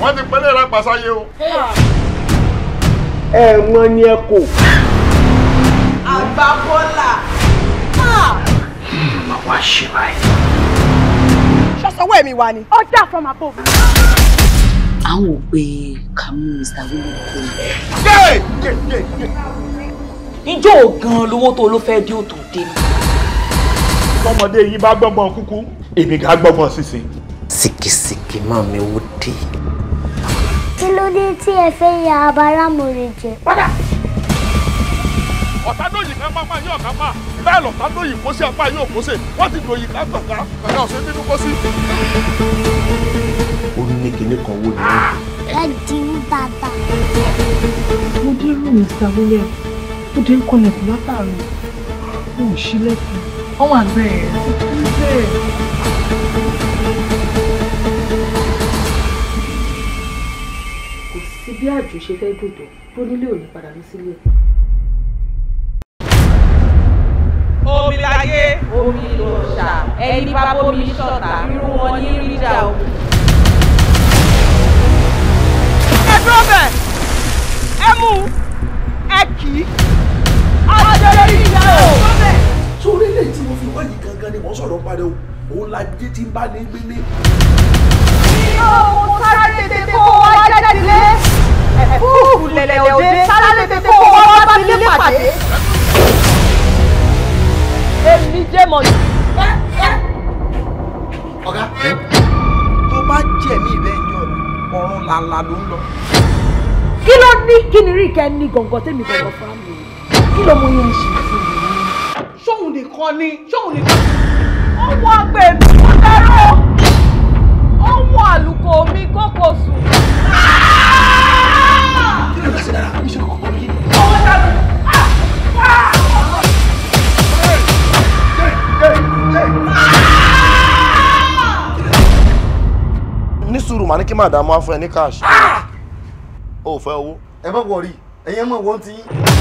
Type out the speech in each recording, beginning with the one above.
wọ́n ti pẹ́lẹ́ ra pàṣáyé o. ẹ̀wọ̀n ni ẹ kò. àgbàbọ́là. Hmm, màá wá ṣe báyìí. ṣọ́sọ́wọ́ ẹ̀mí wa ni. ọjà fọmà bò. àwọn ò pé ká mú Mr. william kò ní. ìjọ gan-an lówó tó ló fẹ́ dé òtò dé mi. tọmọdé yìí bá gbọ́ngbọ́n kúkú èmi gà gbọ́ngbọ́n sísìn. sìkìsìkì máa mi wó dé kí ló dé tí ẹ fẹ́ ya abáramọ̀rẹ̀ jẹ. padà ọ̀tádóyìn kan máa máa yí ọ̀kan máa bẹ́ẹ̀ lọ̀tádóyìn kó sí apá yóò kó sí wọ́n ti dòyìn ká gbọ̀ngá gbọ̀ngá ọ̀sẹ̀ nínú kó sí. ó ní kinní kan wó ni wọ́n fi. ẹ di ní bàbá. mo dé rú Mr. William ó dé ń kọlẹ̀kùn látàrí mo ò ṣílẹ̀kùn ọmọ àgbẹ̀ ẹ̀ ti kú bẹ́ẹ̀. bí àjò ṣe fẹ́ dùn tó tó nílé òní padà lọ sílé omi láyé omi ló ṣà ẹni bá bómi ṣọ̀tá irú wọn ní ríjà o. ẹ dúró bẹ́ẹ̀ ẹ mú ẹ kì í ọjọ́ lórí ìyá o. sórí ilé tí mo fi wá yìí gangan ni wọ́n sọ̀rọ̀ pariwo òun la jẹ́ tí ń bá ní gbélé. ìyá òun sáré tètè kó wá jáde lé fúùkù lẹ̀lẹ̀ òde sáré tètè kó wọ́n bá mi lé pàdé. èmi jẹ́ mọ̀ ní. ọ̀gá tó bá jẹ̀mí rẹ̀ yọ ọ̀run làlà ló ń lọ. kí ló ní kí ni rí ìkẹ́ ní gọ̀ǹgọ̀ tèmi gọ̀ǹgọ̀ fún mi kí ló mú yẹn ṣe fún mi. ṣóun nìkan ni ṣóun nìkan ni. ó wọ agbègbè ó dẹrọ ó wọ àlùkò mi kókò sùn ní sùúrù màá ní kí màdàmú á fún ẹ ní cash. o ò fẹ́ owó. ẹ má wọrí ẹ̀yin ẹ mọ̀ wọ́n ti yín.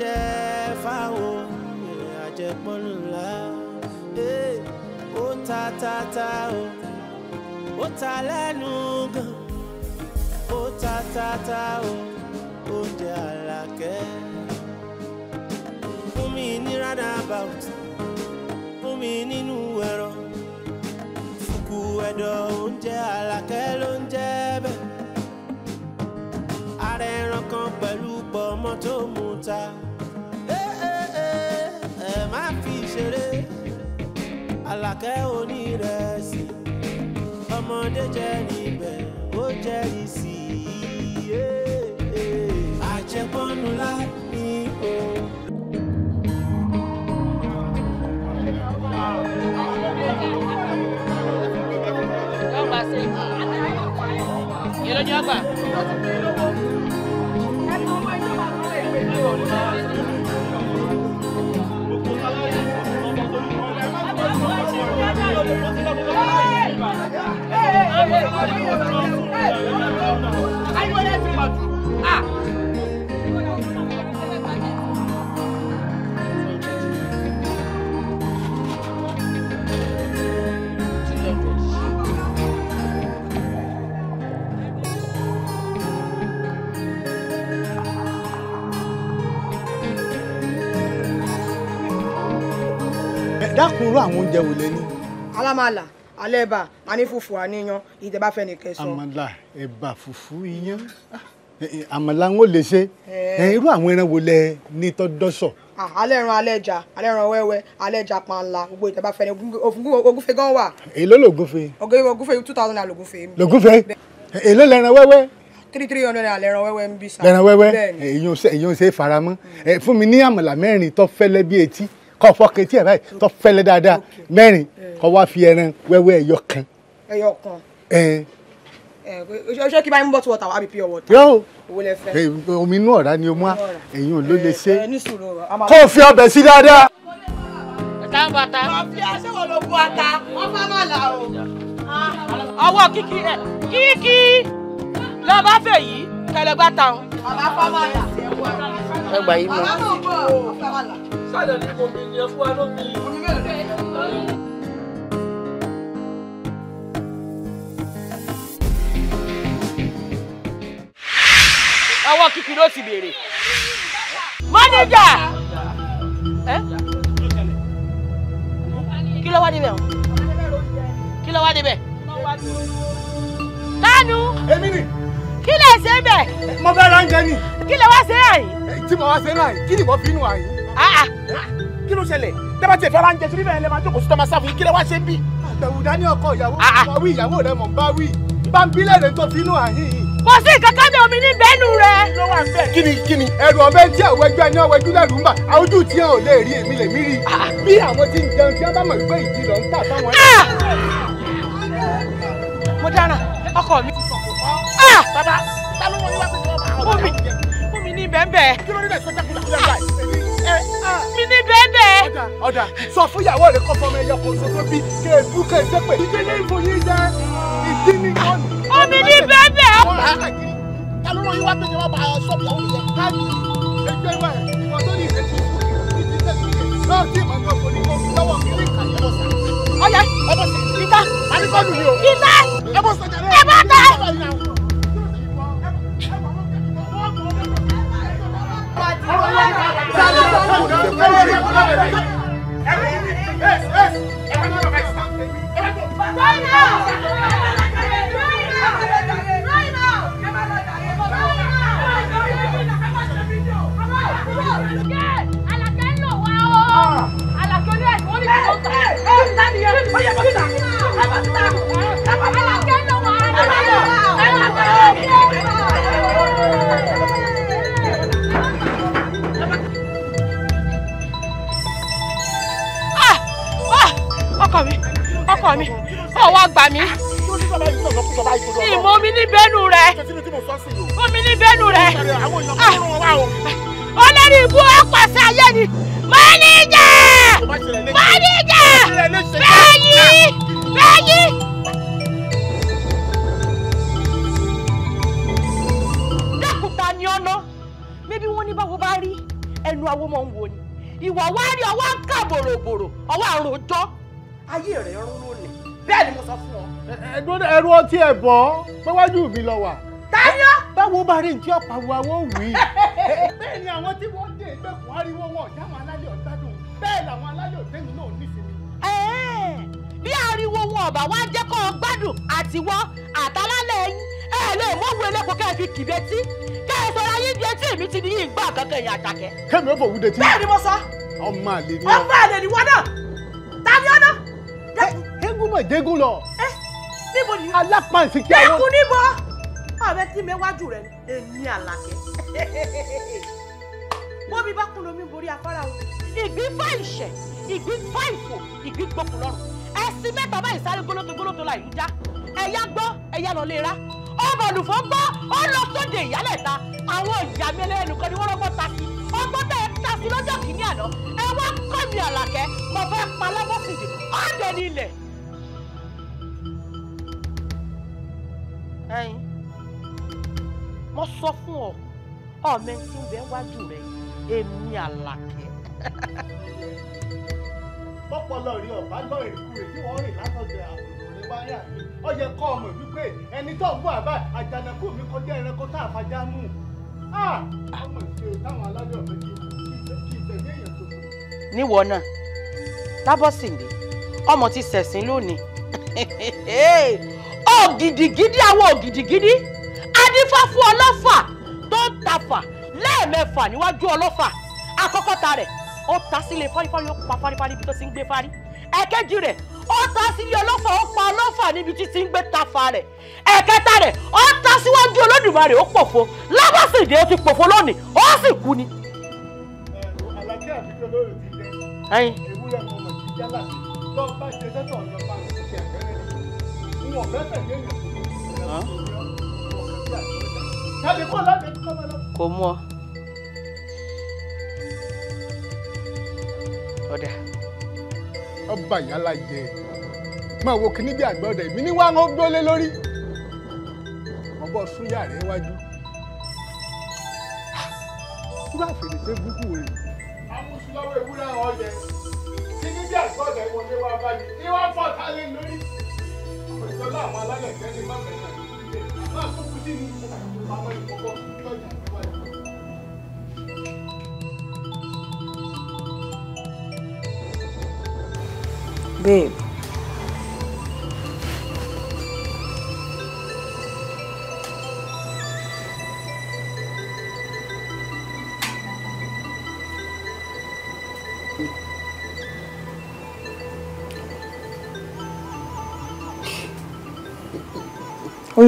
jẹ́ fáwọn àjẹpọ́nù ńlá ó ta ta ta o ó ta lẹ́nu gan ó ta ta ta o oúnjẹ àlàkẹ́ fún mi ní roundabout fún mi nínú ẹ̀rọ fúkú ẹ̀dọ̀ oúnjẹ àlàkẹ́ ló ń jẹ́ bẹ́ẹ̀ ara ẹran kan pẹ̀lú pọ̀ mọ́ tó mú ta. ṣeré àlàkẹ́ onírẹsì ọmọdé jẹ́ níbẹ̀ ó jẹ́ ìsì àjẹpọ́nu láti o. Yẹ́n ló ní ọgbà. Ẹnu dákun irú àwọn oúnjẹ wò lé ní. alamala alẹ́ bá a ní fùfú àníyàn ìjẹba fẹ́ nìkẹ́ sọ. àmàlà ẹ̀bà fùfú iyán àmàlà ń ó lè ṣe eh. irú àwọn ẹran wo lẹ ní tọ́dọ́sọ̀. alẹ́ ẹran alẹ́ ẹja alẹ́ ẹran wẹ́wẹ́ alẹ́ ẹja panla gbogbo ìjẹba fẹ́ ni ògúnfe gan wà. èló lògúnfe. ògúnfe two thousand naira lògúnfe. lògúnfe èló lẹ́ran wẹ́wẹ́ three three hundred naira lẹ́ran wẹ́wẹ́ ń bí sa. lẹ́ran wẹ́wẹ́ èyí ò ṣe é faramọ́ fún mi ní àmàlà mẹ́rin tó fẹ́lẹ́ bí etí kọ́ fọ́ kẹtí ẹ̀ báyìí tó fẹ́lẹ́ dáadáa mẹ́rin eh. kọ́ wá fi ẹran wẹ́wẹ́ ẹ̀yọ kan. ẹyọ kan. ẹ ẹ eh, ṣé kí bá ń bọ̀ tí wọ́n ta wá bí pure water. yóò eh, omi inú ọ̀rá ni o mú a ẹ̀yin ò ló lè ṣe kó o fi ọbẹ̀ sí dáadáa. ọ̀tá ń bàtà. ọ̀fi aṣẹ́wó ló bu ata wọ́n fẹ́ máa là o. Ah, ọwọ́ kíkí ẹ̀ kíkí lọ́ọ́ bá fẹ̀ yìí kẹlẹ gbà ta o. bàbá fámàlà ẹ gbà yín mọ. bàbá náà bọ̀ fámàlà. sálẹ̀ ní kò ni ẹ wa ló bí. omi mélòó ọwọ́ kìkì ló ti béèrè. mọ́níjà kí ló wá débẹ̀ kí ló wá débẹ̀. lánàá. èmi ni kí lè ṣe é bẹ̀. mo fẹ́ ra oúnjẹ ni. kí lè wá ṣe é àyìn. tí mo wá ṣe é náà kí ni ìwọ fi inú àyìn. Ah, ah. eh, kí ló ṣẹlẹ̀ dábàá tí ẹ fẹ́ ra oúnjẹ síbí bẹ́ẹ̀ lè máa jókòó sí tọ́mọ sáfù yìí kí lè wá ṣe é bí. àtẹ̀wù dání ọkọ ìyàwó rẹ̀ ah, wí ìyàwó rẹ̀ mọ̀ bá wí bá ń tó fi inú àyìn yìí kò sí kankan bí omi ní bẹ́ẹ̀nu rẹ. ló wà ẹrù ọbẹ̀ tí àwọn ẹni ọwọ́ lẹ́rù ń bà àwùjọ tí ò lè rí èmi lè mí rí. bí àwọn tí ń jẹun tí wọn mọ̀ pé ìdí lọ ń tà fáwọn. mo dára ọkọ mi ti sọ. Ah, bàbá ta ló wọ́n yíwá pé kí wọ́n máa ọ̀dọ́ mi fún mi ní bẹ́ẹ̀bẹ́. kí ló dé bẹ́ẹ̀ sọ́jà kúlẹ̀ kúlẹ̀ báyìí. Eh, ah, mi ní bẹ́ẹ̀bẹ́. ọ̀dà ọ̀dà sọ fún ìyàwó rẹ kọ́ fọmọ ẹyọ kò sọ́kọ́ bí kí ebú kẹ́ ẹsẹ̀ pé ìdílé ìfòyín jẹ́ ìdílé ìkọ́ni. omi ní bẹ́ẹ̀bẹ́. ta ló wọ́n yíwá pé kí wọ́n máa ọ̀ṣọ́ mi àwọn ìyẹn ọ̀yà ìta ìta ẹ bá ta. Right now! Alakẹ́ ń lò wá o! Alakẹ́ olú ẹ̀ wọ́n ní kí ló ń tọ́. 哎呀！我滚蛋！我滚 bọ́ pẹ́wájú mi lọ wà. táyọ̀. báwo bá rí ìjọ pàwọ́ àwọn wì í. bẹ́ẹ̀ ni àwọn tí wọ́n dé ìgbẹ́kùn ariwo wọn ọ̀dà àwọn alálẹ̀ ọ̀gbádùn bẹ́ẹ̀ làwọn alálẹ̀ òtẹ́mi náà nífẹ̀ẹ́ mi. bí ariwo wọn ọba wa jẹ́ kó o gbádùn àtiwọ́ àtàlálẹ̀ yín ẹ lè mọ́wọ́ eléko kẹ́ ẹ fi kìbẹ́ tí kẹ́ ẹ sọ̀rọ̀ ayé di etí èmi ti ní yín gbà kankan yín àtàkẹ́. kẹ́mi ó fò wúde tí. bẹ́ẹ̀ ni mo sọ. ọmọ àlè ni wọn. ọmọ àlè ni wọn náà. ta ni ọ náà. eégún mọ̀ jégún lọ. ẹ níbo ni. alápá ìsìnkí àwọn. ẹkùn níbo ààrẹ tí mi wájú rẹ ni èmi àlàkẹ́. bómi bá kún lomi borí afárá o. ìgbín fá ìṣẹ̀ ìgbín fá ìfò ìgbín gbọ̀kùn lọ́rùn ẹ̀sìn mẹ́ta báyìí sáré gólótó gólótó la ìlú já ẹ̀yà gbọ́ ẹ̀yà lọ lè ra ọmọ olùfọ́ gbọ́ ó lọ sóde ìyálẹ̀ta àwọn ìyá mi ẹlẹ́nu kan ni wọ́n rọ́gbọ́n ta sí ọgbọ́n tẹ̀ ta sí lọ́jọ́ kìíní àná ẹ wá kọ́ mi àlàkẹ́ mo fẹ́ pa lọ́mọ́sìdì ọ̀dẹ̀ nílẹ̀. ẹyin mo sọ fún ọ ọmọ ẹni tí bẹ wájú rẹ èmi àlàkẹ́. bọ́pọ̀lọ rí ọ̀bá lọ ìrìkú rẹ tí wọ́n rìn látọ̀jọ́ àbùrò wáyà ó yẹ ọmọ ẹni tó ń àbá àjànàkú mi kọjá ẹranko tá a fajá mú. ọmọ ìṣe táwọn alájọ mi kì í tó níwọ náà ni ògìdìgídí àwọn ògìdìgídí adífá fún ọlọ́fà tó ń tafà lẹ́ẹ̀mẹ́fà níwájú ọlọ́fà àkọ́kọ́ ta rẹ̀ ó ta sílé fárífárí ó pa fárífárí ibi tó ti ń gbé fárí ẹ̀kẹ́jì rẹ̀ ó ta sílé ọlọ́fà ó pa ọlọ́fà níbi tí ti ń gbé tafà rẹ̀ ẹ̀kẹta rẹ̀ ó ta síwájú olódùmarè ó pòfo lábàṣèdè ó ti pòfo lónìí ó sì kú ni. àlàkẹ́ àbíkẹ́ lórí ti dẹ́ ewúrẹ́ mọ̀mọ́ ti yálà tó bá ṣe sẹ́tọ̀ ọ̀yọ́ bá ń ṣe àgbẹ̀rẹ̀ kò mú ọ. ọ̀dà. ọba ìyálà jẹ máa wo kíní bí àgbọ̀dọ̀ èmi ní wàá ń gbólé lórí ọbọ̀ súyà rẹ̀ wájú túbà fèrèsé gúgú rẹ̀. amúṣúlọ́wọ́ ewúrẹ́ àwọn ọ̀yẹ́ kíní bí àgbọ̀dọ̀ ìwọ̀n ni wàá bá mi ní wàá fọ̀ tálẹ́ lórí ìjọba Babe,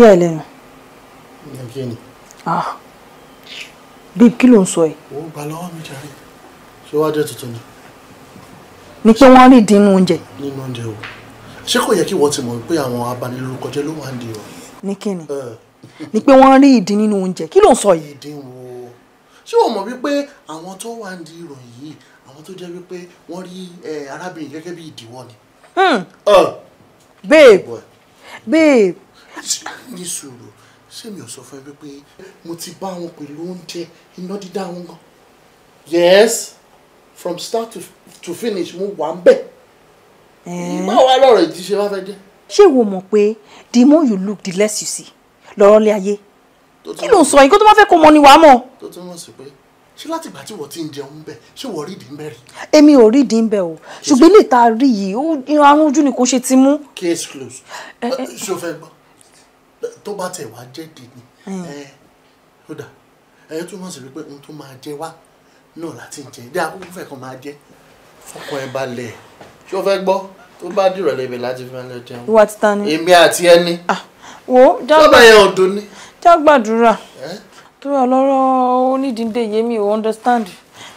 yà ẹ́ lẹ́nu. kí ni. Ah, bíi kí ló ń sọ ẹ. ó gbà lọ́wọ́ mi jàre ṣé wàá jẹ́ tuntun ni. ni pé wọ́n rí ìdí inú oúnjẹ. nínú oúnjẹ o ṣé kò yẹ kí wọ́n ti mọ̀ pé àwọn abanilórúkọjẹ́ ló máa di o. ní kí ni ni pé wọ́n rí ìdí nínú oúnjẹ kí ló ń sọ yìí. ìdí wo ṣé o mọ̀ wípé àwọn tó wà ń di ìròyìn àwọn tó jẹ́ wípé wọ́n rí arábìnrin gẹ́gẹ́ bí ìdíwọ́ ni. Hmm. babe babe ní sùúrù ṣé mi ò sọ fún ẹ pé mo ti bá wọn pẹ̀lú oúnjẹ iná dídá wọn gan. yes from start to, to finish mo wà ń bẹ̀. ìgbà wa lọ́rọ̀ ìjíṣẹ́ wá fẹ́ jẹ́. ṣé ìwọ mọ̀ pé the more you look the less you see lọ́rọ́ lé ayé kí ló ń sọ yìí kó tó bá fẹ́ kó mọ ni wàá mọ̀. tó tún mọ̀ sí pé ṣé láti ìgbà tí wọ́n ti ń jẹun ń bẹ̀ ṣé wọ́n rí ìdí ń bẹ̀ rí. èmi ò rí ìdí ń o ṣùgbọ́n ilé ìta rí yìí àrùn ni kò ṣe ti mú. case closed ṣé o fẹ́ gbọ́ tó bá tẹ̀ wá jẹ́ dìní ẹ ó dà ẹ túmọ̀ sí wípé ohun tó máa jẹ wá náà láti jẹ dé akókò fẹ́ kàn máa jẹ fọkàn ẹ balẹ̀ ṣé o fẹ́ gbọ́ tó bá dìrọ̀lẹ́ ibẹ̀ láti fi máa jẹun. ìwà títa ni. èmi àti ẹni. wo jágbá yẹn ọ̀dọ́ ni. jágbàdúrà tó yà lọ́rọ̀ onídìndé yémi ò understand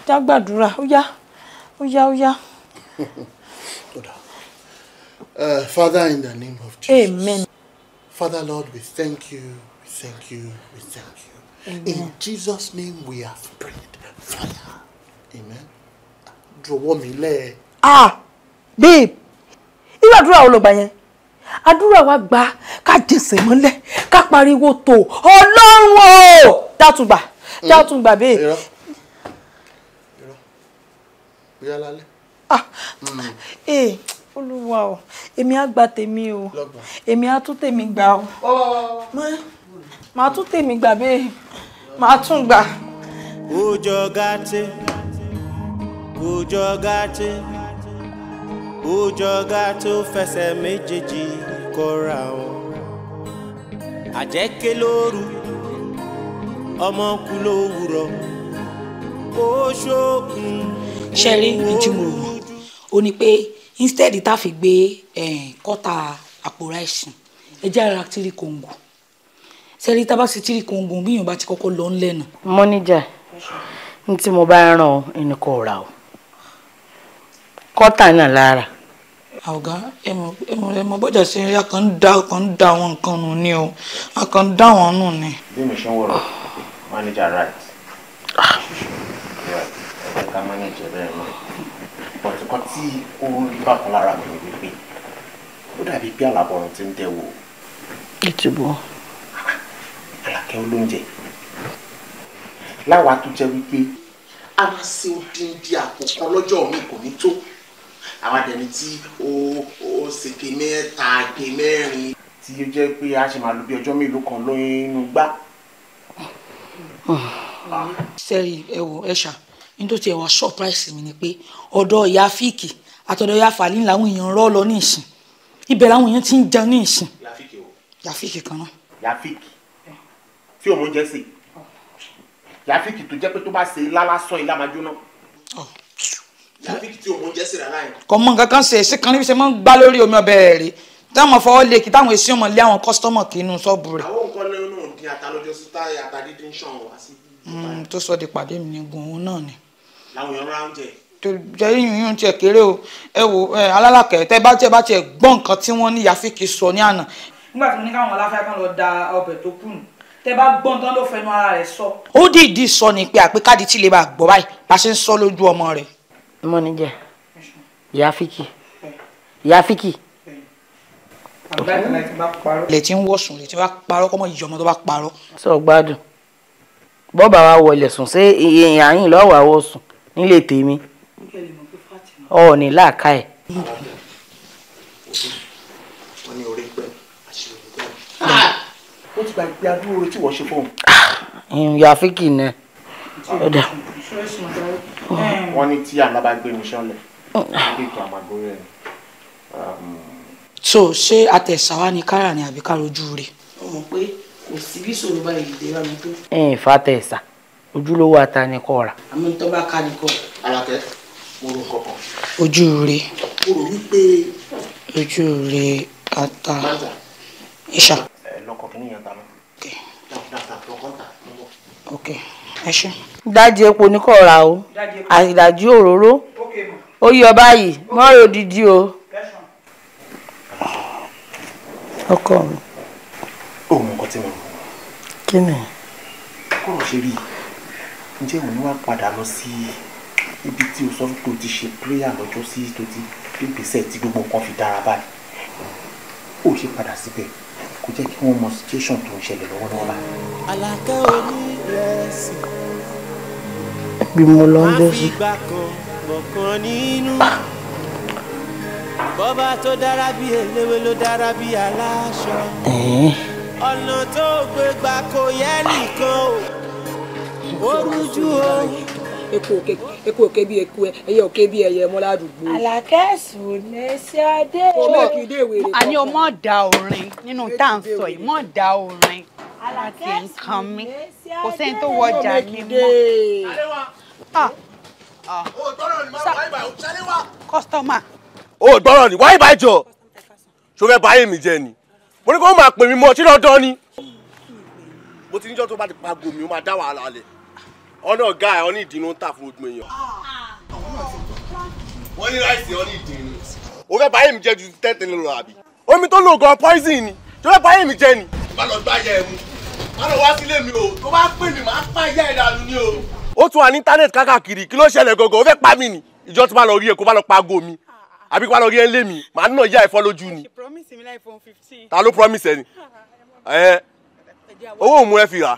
jágbàdúrà ó yá ó yá ó yá. Father, in the name of Jesus. Amen. Father Lord, we thank you, we thank you, we thank you. Amen. In Jesus' name we have prayed. Father, Amen. Jọ̀wọ́ mi lẹ́. Ah! Babe! Irú àdúrà wo ló gbà yẹn? Àdúrà wa gba ká jẹsẹ̀ mọ́lẹ̀ ká pariwo tó Ọlọ́run o! Dátùgbà Dátùgbà mm. babe. Irọ́ irọ́ bóyá lálẹ́. Ah! Ee. Mm. Eh olúwa o èmi á gba tèmi o èmi á tún tèmi gbà o màá tún tèmi gbà bẹ́ẹ̀ màá tún gbà. ó jọ gàtẹ ó jọ gàtẹ ó fẹsẹ̀ méjèèjì kọra wọn àjẹkẹ́ lóru ọmọ kú lówùrọ̀ ó ṣókun. ìjùmọ̀ o ní pé instead tá a fi gbé kọ́ta àpò ráìsì ẹ jẹ́ ara tírí kòǹgò sẹ́rí tá a bá ṣe tírí kòǹgò bí yóò bá ti kọ́kọ́ lọ ńlẹ̀ nà. mọ́níjà ní tí mo bá ràn ọ́ ẹnì kan ò rà ọ́ kọ́tà náà lára. ọ̀gá ẹmọ bọ́jà ṣe rí akàn ń dá akàn ń dá àwọn nǹkan nù ni o akàn ń dá àwọn nù ni. bí mi ṣe ń wọ̀rọ̀ manager ah. right. ẹ ká bẹ́ẹ̀ mọ́ nǹkan tí ó ń rí bákan lára mi ni wípé ó dàbí pé àlàbọ̀rùn ti ń tẹ̀wò. ìtúbọ̀. àlàkẹ́ olóúnjẹ láwa tó jẹ́ wípé ara sí odindi àpò kan lọ́jọ́ mi kò ní tó àwọn àdẹ̀ni tí ó ó ṣèké mẹ́ta gbé mẹ́rin. tí ó jẹ́ pé a ṣe máa lo bí ọjọ́ mélòó kan lóyún inú gbá. sẹ́yìn ah. ẹ̀wọ̀ ẹ̀ṣà nítorí tiẹ̀ wá surprise mi ni pé ọ̀dọ̀ ìyá fíìkì àtọ̀dọ̀ ìyá fàlín làwọn èèyàn rọ́ lọ ní ìsìn ibẹ̀ làwọn èèyàn ti ń jẹun ní ìsìn. yàfíìkì kan náà. yàfíìkì tí òun jẹ́ sí yàfíìkì tó jẹ́ pé tó bá ṣe ilá lásán ilá máa jóná oh. kọmọ nǹkan kan ṣe èsì kan níbi ṣe máa ń gbá lórí omi ọbẹ̀ rẹ̀ táwọn fọwọ́ lè kí táwọn èsì ọmọ lé àwọn kọ́sítọ́mọ̀ kì í nu ṣọ́ọ̀bù rẹ̀. àwọn nǹkan náà ń dín ata wá sí. Mm, tó sọ di pàdé mi ní gun òun náà ni làwọn èèyàn rán oúnjẹ jẹ yíyún yíyún tiẹ̀ kéré o ẹ wo ẹ alálàkẹ́ tẹ bá tiẹ̀ bá tiẹ̀ gbọ́ nǹkan tí wọ́n ní yàfíkì sọ ní àná. nígbà tí mo ní káwọn aláfẹ́ kan lọ da ọbẹ̀ tó kù nù tẹ bá gbọ́n tán ló fẹnu ara rẹ̀ sọ. ó dìídì sọ ni pé àpékádi tí lè bá gbọ́ báyìí bá ṣe ń sọ lójú ọmọ rẹ̀. ọmọ ní jẹ yàfíkì yàfíkì. lè ti ń wọ̀sùn lè ti bá parọ́ kọ́mọ yìí ọmọ tó bá parọ́. sọ gbádùn bọ́ọ̀bà wa wọlé sùn ṣé ìyẹn àyìn lọ́wọ́ àwọn sùn nílé tèmi ọ ní làákà ẹ. wọ́n ní orí pẹ́ àṣírí ìgbà mi. ó ti gba ìgbé adúró tí wọ́n ṣe fóun. ìyá fíkì ni ọ̀dà. wọ́n ní tí àmà bá gbé mi sọ́lẹ̀ mm. níbi ìtàn àmàgbórí ẹ̀. Um, so ṣé àtẹ̀sáwá ni kára ni àbí károjú rẹ̀. mo mọ̀ pé kò sí bí sòrò báyìí dé wá mi tó. ẹ̀ ń fa ojúlówó ata ni kò rà. àmì tó bá ká ni kò. alakẹ oru kọkàn. ojú rẹ. oru wípé. ojú rẹ ata. ìṣà. ẹ lọkọ kìíní yẹn ta mọ. ok ẹ ṣe. dájú epo ni kò rà o àìdájú òróró ó yọ báyìí mọ́rọ̀ òdìdí o. ọkọ mi. òun nǹkan tí mo rò. kí ni. kò ṣe rí i ǹjẹ́ òun ni wàá padà lọ sí ibi tí o sọ pé o ti ṣe prayer lọ́jọ́ sí tó ti gbèsè tí gbogbo nǹkan fi dára báyìí ó ṣe padà síbẹ̀ kò jẹ́ kí wọ́n mọ situation tó ń ṣẹlẹ̀ lọ́wọ́lọ́wọ́ bá. Àlàkẹ́ orí rẹ̀ sì. bí mo lọ ń bọ̀ sí. má fi kọ̀ọ̀kan nínú. bọ́bá tó dára bí eléwé ló dára bí aláṣọ. ọ̀nà tó gbégbá kò yẹ nìkan o orújú o. Eko òkè bí eku ẹ, ẹyẹ òkè bí ẹyẹ mọ́ ládùúgbò. Àlàkẹ́ Sùnẹ́sí Adé. Ọmọ ìkìdé ìwé rẹ̀. Àní o mọ̀ da orin nínú tá à ń sọ yìí, mọ̀ da orin. Àlàkẹ́ Sùnẹ́sí Adé. Kò sẹ́ni tó wọjà mi mọ́. Kọ́sítọ́mà. Ah, ah. O gbọ́dọ̀ ni wáyé báyìí jọ. Ṣo fẹ́ báyé mi jẹ ni? Mo ní kó máa pè mí mọ́ ọtí lọ́dọ́ ni. Mo ti níjọ́ tó bá ti pa gòmí, ó máa dá wàhálà lẹ̀ ọ̀nà ọ̀gá ẹ̀ ọ̀nà ìdí ló ń tà fún gbogbo èèyàn. wọ́n ní ráìsì ọ̀nà ìdí ni. o fẹ́ báyìí mi jẹ ju tẹ́tẹ́ lọ àbí. omi tó lò gan poison ni tó fẹ́ báyìí mi jẹ ni. má lọ gbá ayẹ ẹ mu má lọ wá sílé mi o tó bá pè mí má pa ayé ẹ dànù ni o. ó tún wà ní íńtánẹ́ẹ̀tì káàkiri kí ló ṣẹlẹ̀ gangan ó fẹ́ pa mí ni ìjọ tí má lọ rí ẹ kó má lọ pa ago mi àbí kó má lọ rí ẹ lé mi màá nà yá ẹ fọ́ lójú ni. ta ló promise ẹ ni owó òun ẹ fi rà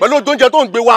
pẹ̀lú oúnjẹ tó ń gbé wá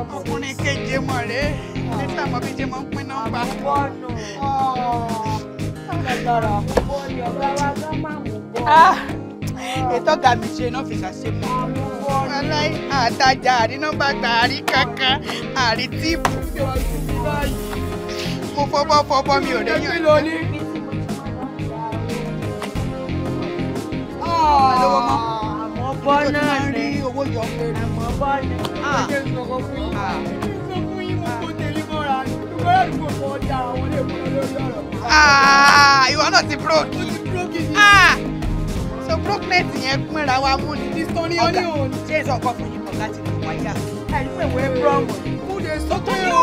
ọkùnrin kéje mọ̀ rẹ̀ níta mọ̀ bí jẹ́ mọ̀ ń pín nọ́mbà. àbúbọ̀nù lọ́rọ̀ àbúbọ̀ ni ọ̀gá wa gán máa mú bọ́. Ah, ètò ọ̀gá mi ṣe iná fìgbà ṣe mọ́. aláì àtajà àrí nọ́mbà tààrí kankan àrí tíìpù. mo fọbọ́ fọbọ́ mi ò rẹ́yìn ọ̀dọ́. lówó mọ́ bọ́ náà ni ẹ̀mọ́ bọ́ ni ọjọ́ ìsọ̀kọ́ fún yín. Ah. ìsọ̀kọ́ fún yín mo kò tẹ̀lé mọ́ra ni ìgbọ́dọ̀ àdúgbò fọ́ ọjà àwọn ilé ìwé lórí ọ̀rọ̀. Ah, ìwọ náà ti búrọ́kì. mo ti búrọ́kì ah. so broknet yẹn pínra wa mú ni. ìsọ̀ni ó ní fún yín kọ̀ láti lè wáyà. ẹ̀rí pẹ̀wé brọ́mù. mo lè sọ pé o.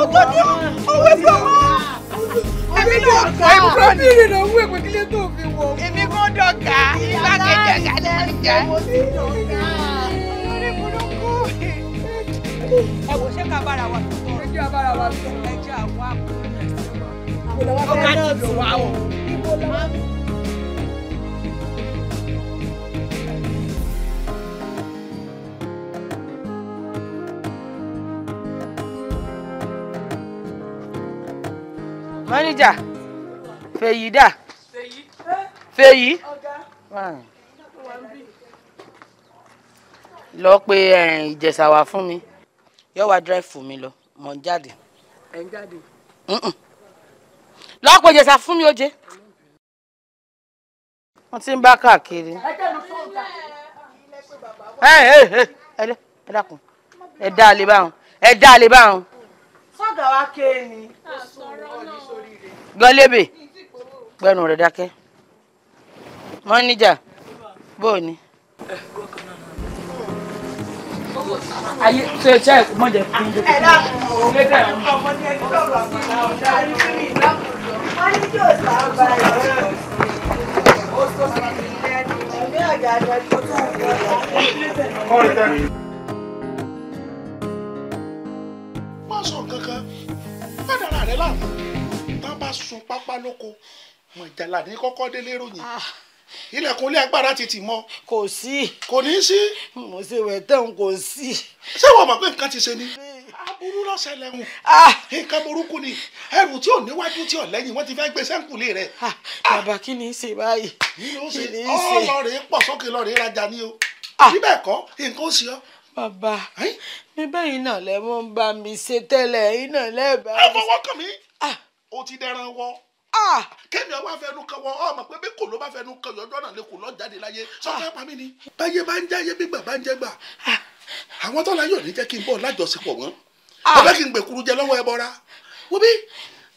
o tó ní o. owó brọ́mù èmi náà kà á kúrò ní ìrìnà owó èpè kílé tó fi wọ. èmi kò dọ̀gà ìgbàkejì ọ̀gá ni mo jẹ́. orí burúkú ẹ wò ṣé ká bára wa tó tọrọ. ẹjọ́ bára wa tó tọrọ. ẹjọ́ àwọn àbúrò náà. ọ̀gá ti lò wá o. Manager, fèyí dà fèyí lọ pe ìjẹ̀ṣà wá fún mi yóò wá drive fún mi lọ mọ̀ ń jáde. ẹ̀ ń jáde. lọ́ọ́ pe ìjẹ̀ṣà fún mi ó jẹ́ wọ́n ti ń bá káàkiri. ẹ dákun ẹ dá a wọn ẹ dá a wọn sọ́dọ̀ wa ké ni. gọlébè gbẹnu rẹ dákẹ́ mọ́níjà bó ayé tó ẹ jẹ́ ìkúmọ̀jẹ̀ fún mi. ẹ dákun o ọmọdé ẹgbẹ́ ọ̀rọ̀ àgbàlá ọ̀dà àdúgbò mi ìdákùn wọ́n ní kí òòsà ọba ìrọ̀rẹ́ ó sọ sí ilé ẹni ẹgbẹ́ àgbàdo tó ń bọ̀ ọ́. má sọ kankan má dára rẹ láàmú tá a bá sun pápá lóko mọ̀ ìjàlá ní kọ́kọ́ délé ròyìn ah. ilẹ̀kùn ilé agbára ti tì mọ́. kò sí. kò ní í sí. mo ṣe wẹ̀ tẹ̀hún kò sí. ṣé wọ́n mọ̀ pé nǹkan ti ṣe ni. aburú lọ́sẹ̀ lẹ́hùn. Ah. nǹkan burúkú ni ẹrù tí ò níwájú tí ò lẹ́yìn wọ́n ti fẹ́ gbé sẹ́ńkùlé rẹ̀. Ah, bàbá kí ni í ṣe báyìí. kí ni í ṣe ọlọ́ọ̀rẹ́ pọ̀ sókè lọ́ọ̀rẹ́ rajà ni o. bí bẹ́ẹ̀ kọ́ nǹkan ó ṣe ọ́ bàbá ní bẹ́yìn náà lẹ mọ́ ń bá mi ṣe tẹ́lẹ̀ yìí náà lẹ́ẹ̀bá. ẹ fọwọ́ kàn mí o ti dẹran wọ kémi ọwọ́ afẹnu kan wọ ọmọ pé bí kò ló bá fẹnu kan yọjọ́ náà lè kò lọ jáde láyé sọ́kẹ́ pa mí ni. báyé bá ń jáyé gbígbà bá ń jẹ́ gbà àwọn tọ́lá yóò ní jẹ́ kí n bọ̀ lájọsípọ̀ wọ́n ọbẹ̀ kí n gbèkuru jẹ lọ́wọ́ ẹ bọ́ra wọ́n bí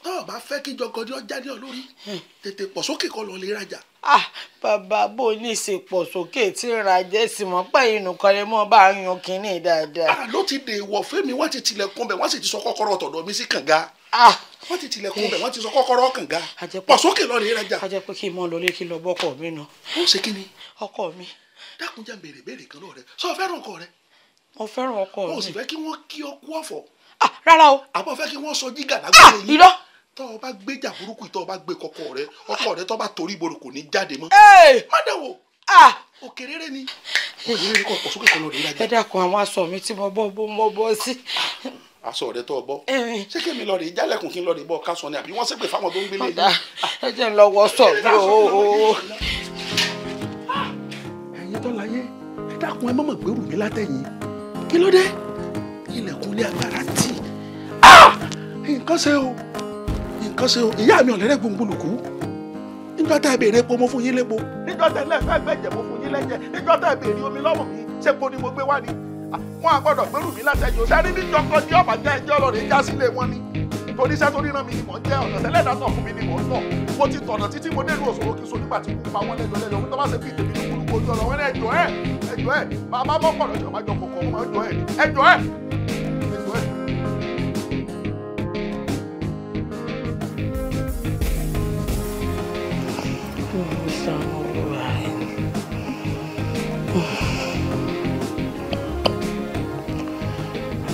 tọ́ọ̀ bá fẹ́ kí jọgọdí ọjà ní ọ lórí hm. tètè pọ̀ sókè kọ́ lọ lè rajà ah bàbá bó ní ìsèpọ̀ sókè tí ra jẹ́ sí mọ́ pẹ̀yìn nìkan lè mọ́ bá yan kínní dáadáa. ah ló ti dè wọ fẹmi wọn ti tilẹ̀kùn bẹ wọn sì ti sọ kọ́kọ́rọ́ tọ̀dọ̀ mi sí kànga. ah wọn ti tilẹ̀kùn bẹ wọn ti sọ kọ́kọ́rọ́ kànga. pọ̀ sókè lọ rèé rajà. a jẹ pé kí n mọ lọlé kí n lọ bọkọ mi nà. ó ṣe kí ni. ọkọ mi. dákun já béèrè béèrè kan lọ sọ fẹ́ràn ọkọ rẹ. mo fẹ́ràn ọkọ o sì fẹ́ ah, o. àbọ̀ fẹ́ tọ́ ọ bá gbé jà burúkú tọ́ ọ bá gbé kọkọ rẹ ọkọ rẹ tọ́ bá torí ìbòrò kò ní jáde mọ́. má dẹ̀wò ah! òkèrèrè ni òkèrèrè kọ pọ̀ sókè kan lórí ìrajà. ẹ dákun àwọn aṣọ mi tí mo bọ́ bó mo bọ́ sí. aṣọ rẹ tọ́ ọ bọ́ eh, eh. ṣé kémi lọ rè é jálẹ̀kùn kí n lọ rè é bọ́ ọ kásán ni àbí wọ́n ṣépè fáwọn tó ń gbélé. ọ̀dà ẹ jẹ́ ń lọ wọ sọ bí o. ẹ̀yin tó láyé ẹ dákun ẹ mọ̀mọ̀ gbèrú mi látẹ̀yìn kí ló dé ilẹ̀kùn ilé agbára tì ah! nǹkan ṣe o nǹkan ṣe o ìyá mi ò lérè gbùngbùnùkú níjọ́ tá ẹ béèrè epo mo fún yín lépo níjọ́ tẹ lẹ́fẹ́ gbẹ̀jẹ̀ mo fún yín lẹ́jẹ̀ níjọ́ tẹ béèrè omi lọ́wọ́ mi ṣé po ni mo gbé wá ni wọn àgbọ̀dọ̀ gbẹ́rù mi látẹ̀yìn òṣèré níjọ́ kan tí ọ̀bà jẹ́ ẹjọ́ lọ́rẹ̀ já sílé wọn ni torí iṣẹ́ tó ríran mi ni mò ń jẹ́ ọ̀nà tẹ́lẹ̀ dáná fún mi ni mò ń tọ̀ mo ti tọ̀nà títí mo délùú òṣòro kí n so nígbà pa wọ́n lẹ́jọ́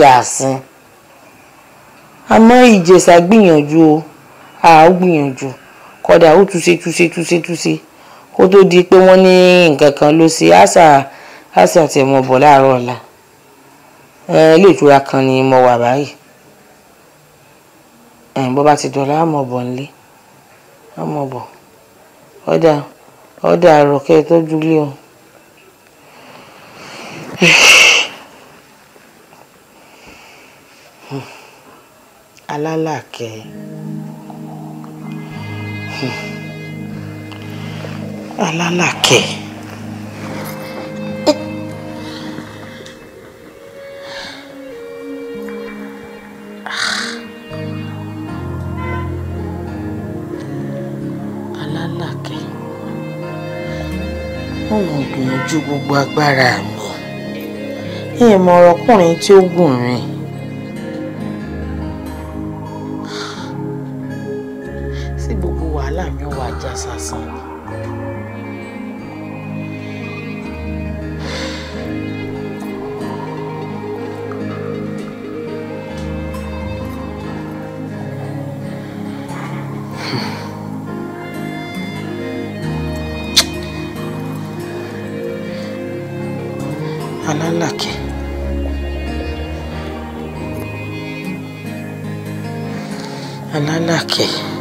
yàsín àmọ́ ìjẹsà gbìyànjú o àá gbìyànjú kódà ó túṣe túṣe túṣe túṣe kó tó di pé wọ́n ní nǹkan kan ló ṣe àṣà àṣà tí mo bọ̀ láàárọ̀ ọ̀la ilé ìtura kan ni mo wà báyìí bó bá ti dọ̀la àmọ̀ bọ̀ nílé àmọ̀ bọ̀ ọ̀dà ọ̀dà àròkẹ́ tó dúlé o. alálàkẹ́ hmm. alálàkẹ́ alálàkẹ́ mo mọ̀ gbìyànjú gbogbo agbára mi ìmọ̀ ọ̀rọ̀kùnrin tí ó gùn rìn. sensação. Alalaki. Alalaki.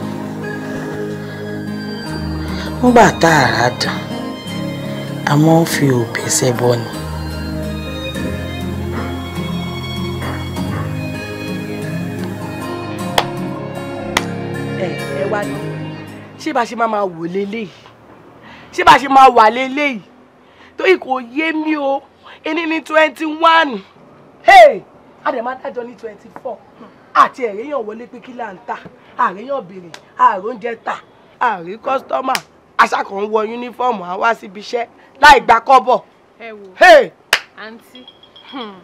ńgbà tá a rà dán a máa ń fi òbí ṣẹbọ ni. ẹ wá ní ṣé bá ṣe máa máa wò léléyìí ṣé bá ṣe máa wà léléyìí torí kò yé mi o ẹni ní twenty one àdèmá dájọ́ ní twenty four àti ẹ̀rẹ́yàn wọlé pé kí là ń tà àrẹ́yàn béèrè àròúnjẹ tà àrí kọ́sítọ́mà aṣákan wọ yúnífọ́ọ̀mù àwa síbi iṣẹ́ láì gba kọ́bọ̀. ẹ wò àǹtí hmm,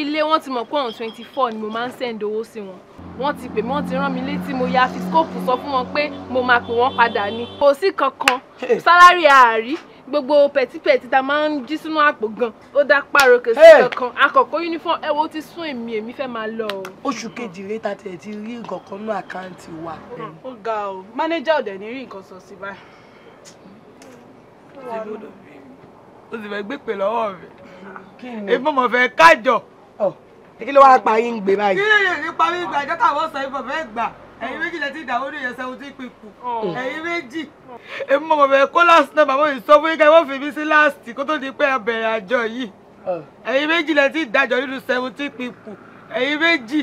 ilé wọn ti mọ̀ pé ọ̀hún twenty four ni mo máa ń sẹ́ǹd owó sí wọn wọ́n ti pè mí wọ́n ti rán mi létí mo ya fisikóòpù sọ fún wọn pé mo máa pè wọ́n padà ni kò sí kankan sálárì àárí gbogbo pẹ̀típẹ̀tí tá a máa ń jí sínú àpò gan ó dá páro sí kankan àkọ́kọ́ uniform ẹ wo ti sún èmi èmi fẹ́ máa lọ o. oṣù kejì rèé ta tiẹ̀ ti rí nǹkan kan ní àkáǹtì wa. ó ga o mánéjà ọ̀dẹ̀ ní rí nǹkan sọ sí báyìí o sì fẹ́ gbé pè lọ́wọ́ mi èmi mo fẹ́ kájọ. Oh, kí ló wáá pa yín gbé báyìí. kí lèyìn ní parí ìgbà ìjọ táwọn sọ ìbọn fẹ́ gbà ẹ̀yin méjì lẹ ti dàwọ́ ní ìyẹsẹ̀ ojú ìpínkù ẹ̀yin méjì. èmi mo fẹ́ kó last number mo sì sọ fún yín ká ẹ wọ́n fi mí sí last kó tó di pé ẹ bẹ̀rẹ̀ àjọ yìí oh. ẹ̀yin méjì lẹ ti dájọ́ nínú seventeen people ẹ̀yin méjì.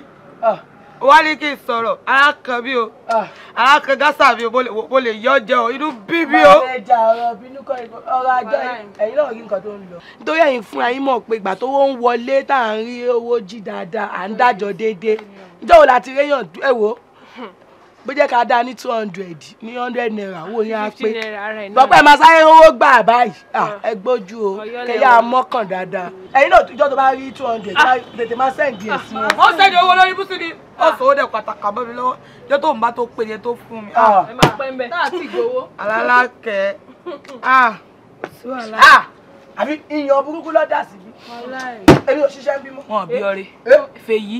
Oh wá ní kí n sọ̀rọ̀ ara kan bí o ah. ara kan gásà bí o mo lè yọ jẹ o inú bí bí o. máa ẹja ọ̀rọ̀ bínú kọ́ ọ̀rọ̀ ajá ẹ̀yin náà rí nǹkan tó ń lọ. nítorí ẹ̀yin fún ayé mọ̀ pé ìgbà tó ń wọlé tá à ń rí owó jí dáadáa à ń dájọ́ déédéé nítorí láti réyàn ẹ̀wọ̀ bó jẹ́ ká dá ní two hundred ní hundred naira owó yẹn á pé bọ́pẹ́ máa sáré owó gbà báyìí ah. ẹ gbójú o kẹyà mọ́kàn dáadáa ẹ̀yin náà ìjọ tó bá rí two hundred ah. tètè máa sẹ́ǹdì ẹ̀ sí wọn. wọ́n sẹ́ǹdì owó lórí búsí ni ah. ó sọ ó dẹ̀ pàtàkì àbọ̀ mi lọ́wọ́ jọ́ tó ń bá tó pè é tó fún mi. ẹ máa pẹ́ ń bẹ̀ tá a ti gbowó. alálákẹ́ àbí iyàn burúkú lọ́dà síbi èmi ò ṣiṣẹ́ bímọ. wọn bí ọ̀rẹ́ eh? fèyí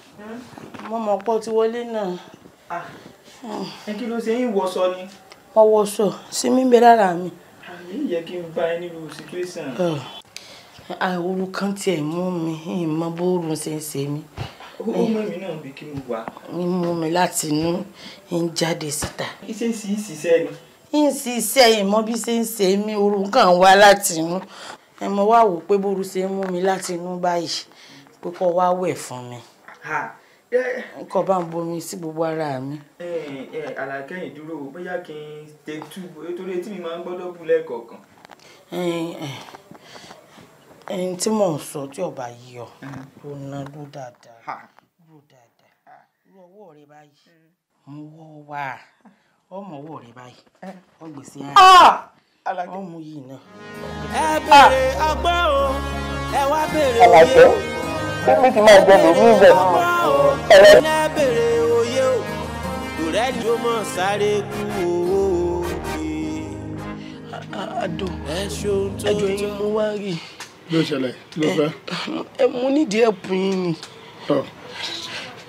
mo mọ̀ pé o ti wọlé náà. Ah. Hmm. ẹ kí ló ṣe yín wọṣọ ni. mo wọṣọ sí mi lára mi. àyè yẹ kí n bá ẹ nílùú situation. àwòrán ah, kan tiẹ̀ mú mi ìmọ̀ bóorùn ṣe ń ṣe mí. ó mú mi náà bí kí n wà. ń mú mi láti inú ń jáde síta. iṣẹ́ sì í ṣiṣẹ́ ni ń ṣiṣẹ́ ìmọ̀ bí ṣe ń ṣe mí ooru kan wá láti inú ẹ mọ wá wò pé bóru ṣe ń mú mi láti inú báyìí pé wá wẹ̀ fún mi nǹkan bá ń bomi sí gbogbo ara mi. àlàkẹ́yìn dúró bóyá kí n tẹ túbú torí etí mi máa ń gbọ́dọ̀ bú lẹ́ẹ̀kọ̀ọ̀kan. ẹni tí mò ń sọ tí ọba yìí ọ ló ná ló dáadáa ló dáadáa ló ọwọ́ rẹ báyìí mo wọ́ wá ọmọ ọwọ́ rẹ báyìí wọ́n gbèsè àárẹ̀ ọmọ yìí náà. ẹ bèrè ọgbọ́n o ẹ wá bèrè òye ṣé mi ti máa jẹ lèmi ibẹ̀ ẹ̀rẹ́. àdó ẹjọ́ yín mo wá rí i. ló ṣẹlẹ̀ kí ló fẹ́. ẹ mú nídìí ẹ̀pù yín ni.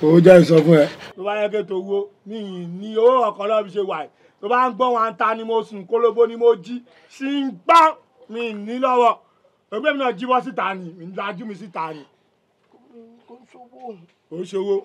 owó jáde sọ fún ẹ. tó bá yẹ kí ètò owó mi yìí ní owó ọ̀kan náà fi ṣe wà yìí tó bá ń gbọ́ wọn ta ni mo sùn kólóbó ni mo jí sí ń gbá mi ní lọ́wọ́ ògbé mi náà jíwọ́ síta ni mi ń lajú mi síta ni ṣòwò. ó ṣòwò.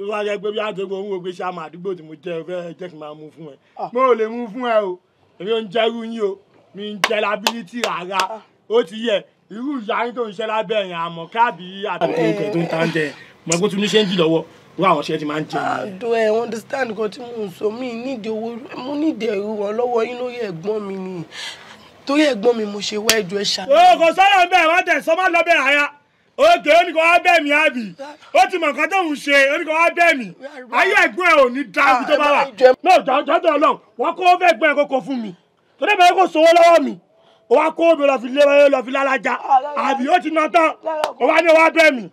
ó wá jẹ́ pé bí àtẹ̀gbọ́n òun ò gbé ṣàmà àdúgbò tí mo jẹ́ fẹ́ jẹ́ kí n máa mú fún ẹ. Ah. mo ò lè mú fún ẹ o èmi ò ń jẹ́rú yín o mi ń jẹ́ lábílítì rárá ah. ó ti yẹ irú ìyá yín tó ń ṣẹ́ lábẹ́ yẹn àmọ́ káàbí àtẹ̀kẹ́ tó ń tán jẹ mọ pé tún ní ṣe ń jì lọ́wọ́ wọ́n àwọn ṣẹ́ ti máa ń jẹ. àdó ẹ understand kan tí mo ń sọ mí nídìí owó mo nídìí ẹ̀rù wọn lọ́wọ́ yín lórí ẹ̀gbọ́n mi ni torí ẹ̀gbọ́n mi mo ṣe wá ẹjọ́ ẹ̀ ṣá. o kò sọ́dọ̀ bẹ́ẹ̀ wọ́n tẹ̀ sọ́mọ́ lọ́bẹ̀ àyà òkè oníkan wá bẹ́ẹ̀ mi Abi. ó ti mọ̀ nǹkan tó ń ṣe oníkan wá bẹ́ẹ̀ mi ayé ẹ̀gbọ́n ẹ̀ ò ní da ibi tó bá wà náà jọ́jọ́ ọlọ́run wọ́n kó fẹ́ gbọ́n ẹ̀ kókó fún mi tó dé bẹ́ẹ̀ kó sowó lọ́wọ́ mi ó wá kó obìnrin lọ fi lé lọ fi lálájà àbí ó ti nà tán ó wá ní ó wá mi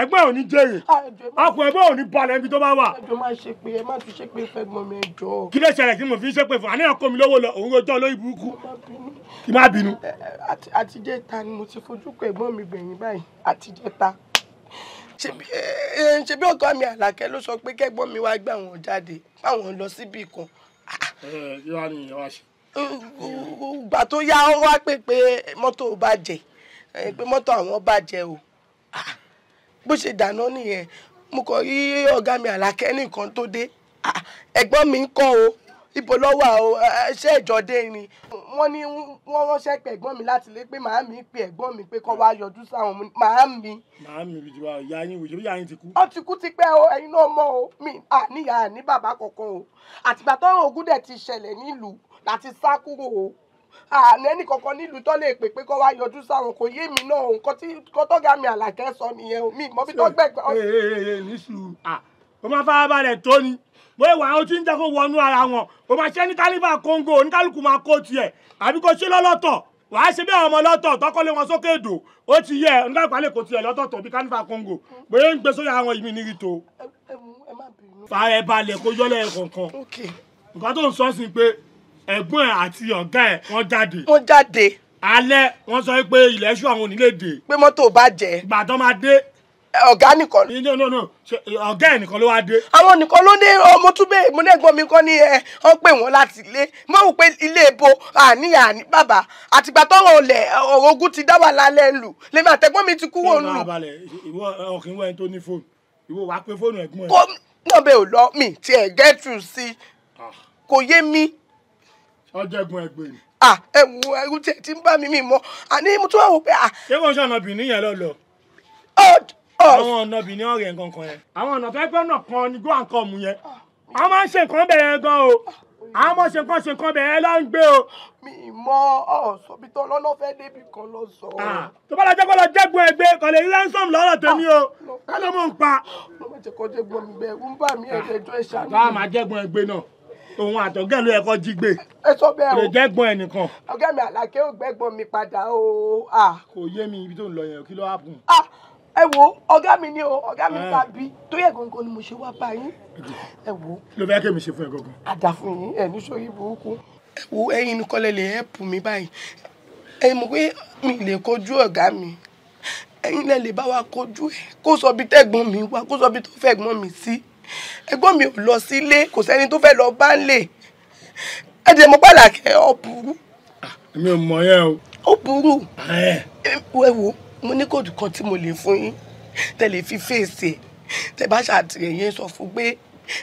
ẹgbẹ́ ò ní jèrè akọ ẹgbẹ́ ò ní balẹ̀ ibi tó bá wà. ẹjọ máa ṣe pé ẹ má tún ṣe pé fẹ́ gbọ́n mi ẹjọ. kí ló ṣẹlẹ̀ tí mo fi ń ṣe pé fún àníyàn kó mi lówó lọ òun rojọ́ lórí burúkú kí má bínú. àtijẹ́ ta ni mo ti fojú kọ ẹ̀gbọ́n mi gbẹ̀yìn báyìí àtijẹ́ ta ṣe bí ọkọ mi àlàkẹ́ ló sọ pé kẹ́gbọ́n mi wá gbà wọ́n jáde báwọn lọ síbì kan. ìgbà tó yá wá pé pé mọ́tò bàjẹ́ pé mọ́tò àwọn bàjẹ́ o bó ṣe dáná nìyẹn mo kàn rí ọ̀gá mi àlàkẹ́ nìkan tó dé ẹ̀gbọ́n mi ń kọ́ o ibo lọ́wọ́ o ṣé ìjọdé ni wọ́n ní wọ́n ránṣẹ́ pé ẹ̀gbọ́n mi láti lé pé màá mi pé ẹ̀gbọ́n mi pé kó wá yọjú sáwọn ọmọ màá mi. màá mi ìjọba ìyá yín ìjọba ìyá yín ti kú. ó ti kú ti pẹ́ o ẹ̀yin náà mọ̀ o mi àníyàn ní bàbá kankan o àtìgbà tọ́rọ̀ ogún dẹ̀ ti ṣẹlẹ̀ nílùú láti sá kúrò o àlẹ́ nìkankan nílùú tó lè pè pé kó wá yọjú sáwọn kò yé mi náà nǹkan tí kọ́tọ́gà mi àlàkẹ́ sọ nìyẹn mi mọ bí tó gbẹ̀gbẹ́. ee ní sùúrù ó máa fara balẹ̀ tó ni bóyá wàá ó ti ń jẹ́ kó wọnú ara wọn ó máa ṣe ní kálífà kóńgò oníkálukú máa kó tiẹ̀ àbí kó ṣe lọ́lọ́tọ̀ wàá ṣe bí àwọn ọmọ lọ́tọ̀ tọ́kọ́lé wọn sókè èdò ó ti yẹ oníkálukú alẹ́ kó tiẹ̀ lọ́tọ̀ọ̀tọ̀ bí kálífà kóńgò bóyá ń gbé sóyà àwọn ìmí nírí tó. fara balẹ̀ kó yọ́lẹ̀ ẹ̀gbọ́n ẹ̀ àti ọ̀gá ẹ̀ wọ́n jáde. wọ́n jáde. alẹ́ wọ́n sọ pé ilẹ̀ ṣú àwọn onílé dè. pé mọ́tò bá jẹ. gbàdán máa dé. ọ̀gá nìkan. no no no ọ̀gá ẹ̀ nìkan ló wá dé. àwọn nìkan ló ní ọmọ oh, tún bẹ́ẹ̀ mo ní ẹ̀gbọ́n mi kan ní ẹ wọ́n pè wọ́n láti ilé mo wò pé ilé ebo àní àní bàbá àtìgbà tọ́rọ̀ ọ̀lẹ̀ ogun ti dá wà lálẹ́ lù lèmi àtẹ̀gbọ́n mi ti kú wọ́n lù. ìwọ ah. kò yé mi ọjẹgun ẹgbẹ ni. à ẹ wo ẹrú tí ẹ ti ń bá mi mi mọ àní mo tún wà wò pé. ṣé wọn ṣe ọ̀nàbìnrin yẹn lọ lọ. àwọn ọ̀nàbìnrin ọ̀rẹ́ nǹkan kan yẹn. àwọn ọ̀nà fẹ́ gbọ́nà kan ni go and come yẹn. àwọn máa ń ṣe nǹkan bẹ̀rẹ̀ gan o àwọn ọmọ ṣe nǹkan ṣe nǹkan bẹ̀rẹ̀ ló ń gbé o. mi mọ ọsọ bí tọ lọlọ fẹ débi kan lọ sọ. tó bá lọ jẹ́ kó lọ jẹ́gun ẹgbẹ́ kò lè rí ransom lọ́rọ̀ tèmi o ah, ká ló mọ̀ ń pa. lọ́mọ jẹ́ kó jẹ́gun ẹgbẹ́ ń bà mí ẹ̀ẹ́dẹ́jọ́ ẹ̀ṣá. àbá máa jẹ́gun ẹgbẹ́ náà òun àtọ̀gẹ́ ló yẹ kó jí gbé. ẹ sọ bẹ́ẹ̀ o lè jẹ́gbọ́n ẹnìkan. ọ̀gá mi àlàkẹ́ ò gbẹ́gbọ́n mi padà o. kò yé mi ibi tó ń lọ yẹn kí ló wá bùn. ẹ wo ọ̀gá mi ni o ọ̀gá mi ah. ta bí tó yẹ gangan ni mo ṣe wá bá yín. ẹ wo. ló fẹ́ kí mi ṣe fún ẹ gangan. àdá fún yín ẹ ní sórí burúkú. ẹ wo ẹ̀yin ni kọ́lẹ̀ lè hẹ́pù mi báyìí ẹ mọ̀ pé mi lè kojú ọ̀gá mi ẹ̀yin lẹ lè bá wa kojú ẹ kó sọ bí tẹ̀gbọ́n mi wá kó sọ bí tó fẹ̀gbọ́n mi sí ẹ̀gbọ́n mi ò lọ sílé kò sẹ́ni tó fẹ́ lọ bá ń lè ẹdẹ mo pàlàkẹ ọ burú. èmi ò mọ yẹn o. ó burú ẹ wo mo ní kóòdù kan tí mo lè fún yín tẹ lè fi fèsì ẹ tẹ bá ṣàtìrẹ yẹn sọ fún pé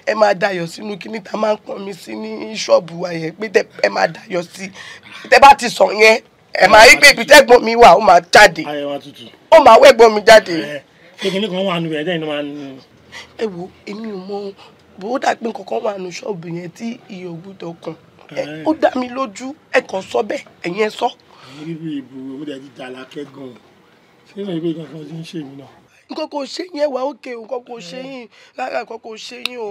ẹ máa dayọ̀ sínú kíní tá a máa ń pọn mi sí ní ṣọ́ọ̀bù wa yẹn pé ẹ máa dayọ̀ sí i tẹ bá ti sọ yẹn ẹ máa rí pé ìbítẹ́gbọ̀n mi wà ó máa jáde ó máa wẹ́gbọ̀n mi jáde. kékeré kan wà nù ẹ̀ dẹ́yìn ló máa ń ẹ wo èmi ò mọ bó dà pé kankan wà nù ṣọ́ọ̀bù yẹn tí ìyọ̀ gbúdọ̀ kan ó dá mi lójú ẹ kàn sọ bẹ́ẹ̀ ẹ̀yin ẹ sọ. ibi ìbò mo dẹ̀ ti dàlà kẹ́gàn ṣé ìwé ìgbà kan ti ń ṣe mí náà. nǹkan kò ṣe yín ẹwà òkè nǹkan kò ṣe yín rárá nǹkan kò ṣe yín o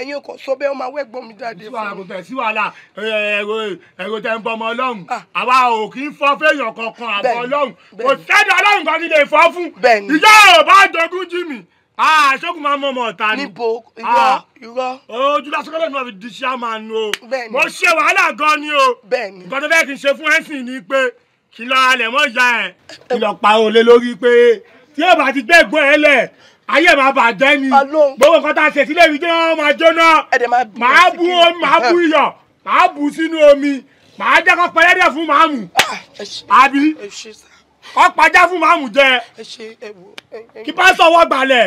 ẹ̀yin ò kàn sọ bẹ́ẹ̀ ó máa wẹ́gbọ́n mi jáde fún mi. kò tẹ̀ sí wàhálà ẹ̀rọ ẹ̀rọ tẹ̀ ń bọ ọlọ́run ah. àwa ò kì í fọ fẹ́yàn kankan àbọ̀ ọlọ́run kò sẹ́ni Ah, ṣókùn máa mọ ọmọ ọ̀tá ni. níbo irọ́ ah. irọ́. ojú lásán kọ́lẹ̀ ni wọ́n fi di chairman o. bẹ́ẹ̀ni mo ṣe wàhálà gan ni o. bẹ́ẹ̀ni nǹkan tó bẹ́ẹ̀ kì í ṣe fún ẹ̀sìn ni pé kí lọ alẹ̀ mọ́ ìyá ẹ̀ kí lọ pa òlé lórí pé tí yóò bá ti gbé ẹ̀gbọ́n ẹ lẹ̀ ayé máa bàjẹ́ ni gbogbo nǹkan tá a ṣe sílẹ̀ ìdílé wọn máa jóná máa ọ̀pájá fún màmú jẹ kí pásítọ̀ wọ́ gbalẹ̀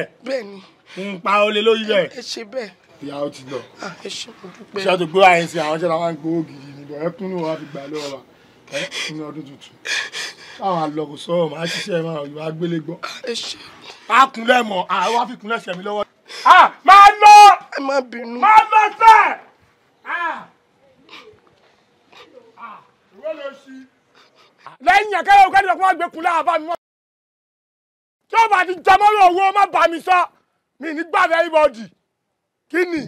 ń pa olè lórí rẹ̀ ìyàwó ti lọ iṣẹ́ tó gbé àyè sí àwọn ṣẹlẹ̀ wọn gbowó gidi nìbọn ẹkún ni wọn fi gbà lọ́wọ́ ẹ ní ọdún tuntun táwọn àlọkù sọ̀rọ̀ máa ṣiṣẹ́ máa yọ agbélé gbọ́ àkúnlẹ̀ mọ̀ àwọn àfikúnlẹ̀ ṣẹ̀mí lọ́wọ́. máa lọ máa lọ sẹ́ẹ̀. ìwé lè ṣí lẹ́yìn akẹ́rẹ́ òkè ìdọ̀kùn àgbẹ̀ kúnlẹ̀ àbá mi mọ́. tí ó bá ti jọmọ́rú owó má bà mí sọ mi ní gbàdá ìbọ̀dì kí ni.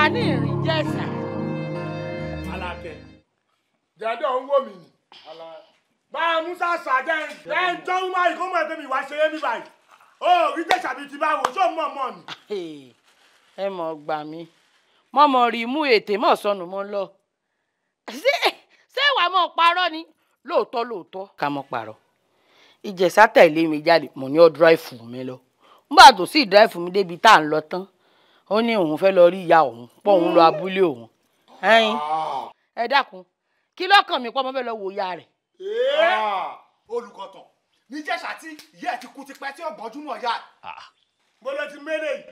a ní ìrìn jẹ́sà. alákẹ́ jẹ́dọ̀ ń wò mí ni bá a mú sàṣà jẹ́ ẹ̀ ń jọ́ ń máa ìkómọ ẹ̀ tẹ́mi ìwà ṣeré mi báyìí ó rí tẹ̀sà bíi ti báwo ṣó mọ̀ mọ̀ ni. ẹ mọ̀ gbà mí mọ̀mọ́ rí mú ètè mọ̀ sọnù mọ́ lọ ṣé ìwà mọ̀ parọ́ ni lóòótọ́ lóòótọ́ ká mọ̀ parọ́ ìjẹ̀sà tẹ̀lé mi jáde mo ní ọ́ dráìfù mi lọ nígbà tó sì dráìfù mi débi tá à ń lọ tán ó ní òun fẹ́ lọ rí ìyá òun pọ̀ òun lọ abúlé òun ẹ dákun kí lọ́kàn mi pọ́ mọ́ fẹ́ lọ wo ìyá rẹ̀ Eh? Ah. olùkọ̀tàn níjẹ̀ṣà tí ìyá ẹ̀ ti kú tipẹ́ tí ọ̀gbọ́n júmọ̀ yá. Ah. mo lọ ti mẹ́lẹ̀ yìí.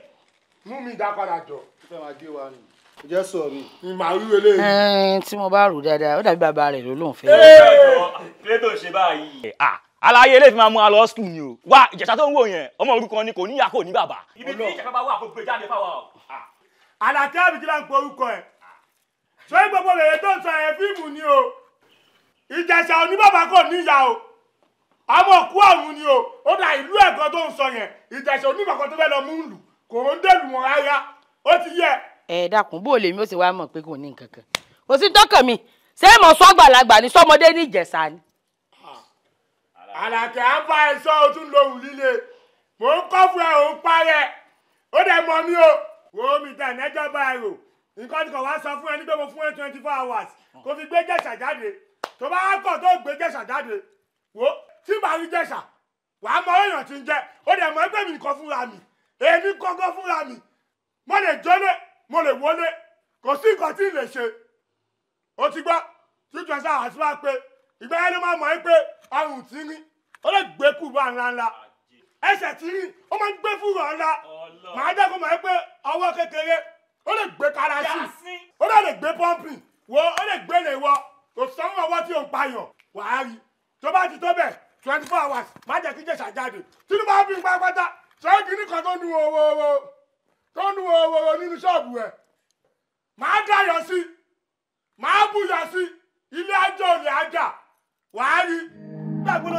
mú mi dá padà jọ. ó fẹ́ máa gé wa nù. ǹjẹ́ sọ mi. mi máa rí wele yìí. tí mo bá rò dáadáa ó dàbí bàbá rẹ̀ ló lóun fẹ́. Eh! kílé tó ṣe báyìí. Eh, ah, aláyé eléyìí máa mú a lọ sùn ni o wá ìjẹ̀ṣà tó ń wò yẹn ọmọ orúkọ ni kò níyà kò ní bàbá. ibi tí ìjẹ̀ṣà bá wà kó gbé jáde fáwọn. àlàtẹ́ àbíjìlá ń pọ orúkọ ẹ̀ ṣé gbogbo rẹ̀ tó ń sọ ẹ̀ fíìmù ni ìjẹ̀ṣà oníbàbà kò níyà o àmọ́ òkú ọ̀run ni o ó dà ìlú ẹ̀kọ́ tó ń sọ yẹn ìjẹ̀ṣà oníbàbà tó fẹ́ lọ mú lù kò ń dèlù wọn rárá ó ti yẹ. ẹ dákun bó lèmi ó sì wá mọ̀ pé kò ní nǹkan kan kò sí tọkàn mi ṣé mo sọ àgbàlagbà ni sọmọdé ní ìjẹ̀ṣà ni. àlàkẹ́ á bá ẹ sọ o lòun líle mò ń kọ́ fún ẹ òun parẹ́ ó dẹ̀ mọ mi o wò mi tẹ̀ nẹ́jọ́ bá ẹ rò nǹkan tí kò wá sọ fún ẹ nígbà mo fún ẹ twenty four hours kò fi gbé jẹ̀ṣà jáde tó bá kọ̀ tó gbé jẹ̀ṣà jáde wo tí màá rí jẹ̀ṣà wàá mọ èèyàn tí ń jẹ ó dẹ̀ mọ ẹgbẹ́ mi nìkan fúnra mi èmi kọ́kọ́ fúnra mi mo lè jọ́lé mo lè wọlé kò sí nǹkan tí ì lè ṣe ó ti gbọ́ títú ẹ̀sán àti wá pé ìgbà yẹn ló máa mọ̀ ẹ́ pé ọrùn ti rí ó lè gbé kù bá ńlá ńlá ẹsẹ̀ ti rí ó máa ń gbé fúnra ńlá màá dẹ́kun mọ̀ ẹ́ pé ọwọ́ kékeré ó lè gbé kárásì ó lè gbé pọ́ǹpì wo ó lè gbé lè wọ́ kò sanwó ọwọ́ tí ò ń payàn wàá rí tó bá ti tó bẹ̀ twenty four hours má jẹ́ kí jẹ̀sà jáde tinubu á fi ń pátápátá sọ́yìn kìíní kan tó ń nu owó tó ń nu owó nínú ṣọ́ọ̀bù ẹ̀ máa dàyọ̀ sí máa bùyọ̀ sí ilé ajọ́ òní ajá wàá rí gbàgbọ́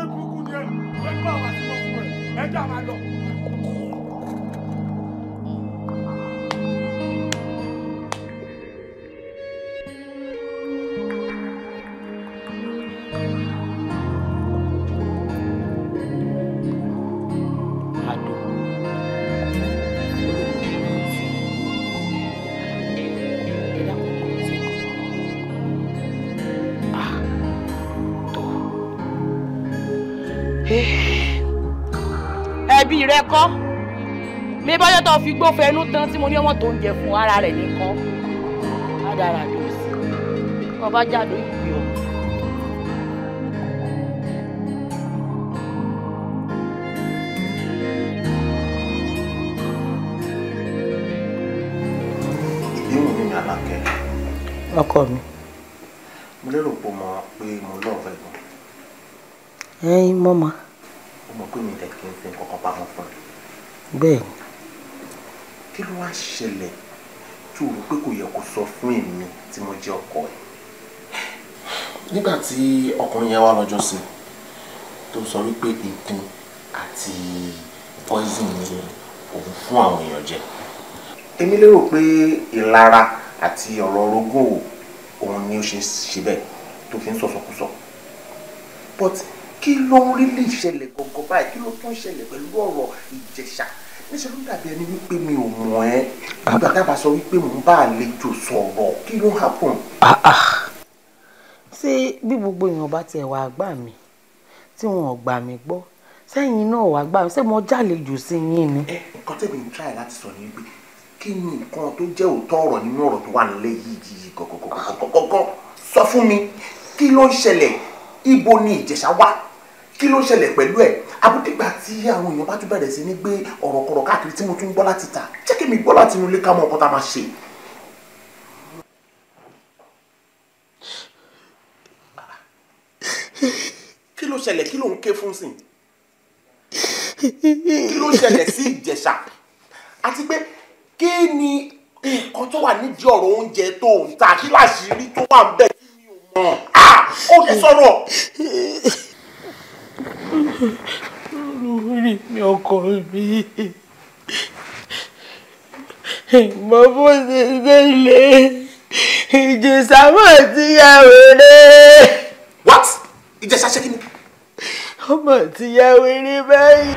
lórí rẹ kọ́ mi bọ́jọ́ tó fi gbófo ẹnu tán tí mo ní ọmọ tó ń jẹ fún ara rẹ̀ nìkan adarado sí ọba jáde ìpè ọ. ìbéèrè mi ni alákẹ́. ọkọ mi. mo lérò pé mo mọ pé mo lọ́ọ̀fẹ́ gan. ẹ mọ́ mọ́ pé mi tẹ̀ kí n fi nǹkan kan pamọ́ fún ẹ. bẹ́ẹ̀ ni. kí ló wá ṣẹlẹ̀ tí o rò pé kò yẹ kó sọ fún èmi tí mo jẹ́ ọkọ ẹ̀. nígbà tí ọkùnrin yẹn wá lọ́jọ́ sí tó sọ wípé nǹkan àti poison ni òun fún àwọn èèyàn jẹ. èmi lérò pé ìlara àti ọ̀rọ̀ orógùn òun ni ó ṣe ṣe bẹ́ẹ̀ tó fi ń sọ̀sọ̀kúsọ but kí ló ń rí lè ṣẹlẹ̀ gọ̀gọ̀ báyìí kí ló tún ṣẹlẹ̀ pẹ̀lú ọ̀rọ̀ ìjẹ̀ṣà níṣẹ́ ló dàbí ẹni wípé mi ò mọ̀ ẹ́ nígbà tábà sọ wípé mò ń bá àlejò sọ̀rọ̀ kí ló happen. Ah, ah. ṣé bí gbogbo èèyàn bá tiẹ̀ wá gbà mí tí wọn ò gbà mí gbọ́ sẹ́yìn náà wá gbà mí ṣé mo jàlejò sí yín ni. ẹ nǹkan tẹ̀mí ń tíráì láti sọ ni pé kí ni nǹkan tó jẹ́ òótọ́ ọ̀rọ̀ nínú ọ̀rọ̀ tó wà nílẹ̀ yìí yìí gọ̀gọ̀gọ̀gọ̀gọ̀ sọ fún mi kí ló ń ṣẹlẹ̀ ibo ni ìjẹ̀ṣà wà kí ló ṣẹlẹ̀ pẹ̀lú ẹ̀ abúdígbà tí àwọn èèyàn bá tún bẹ̀rẹ̀ sí ní gbé ọ̀rọ̀ kọ̀rọ̀ káàkiri tí mo tún gbọ́ láti ta jẹ́ kí mi gbọ́ láti inú ilé ká mọ ọ̀kan tá a máa ṣe. kí ló ṣẹlẹ̀ kí ló ń ké fún sìn kí ló ṣẹlẹ̀ sí ìjẹ̀ṣà àti pé kí ni nǹkan tó wà nídìí ọ̀rọ̀ oúnjẹ tó ń ta kí láṣìírí tó wà ń bẹ̀ kí mi ò mọ̀ ah! ó ti sọ̀rọ̀ lórí mi ọkùnrin mi mọ bó ṣe ṣe lé ìjẹsà mọ̀ sí àwẹ̀rẹ̀. what ìjẹsà ṣe kí ni. ọmọ tìyàwó eré báyìí.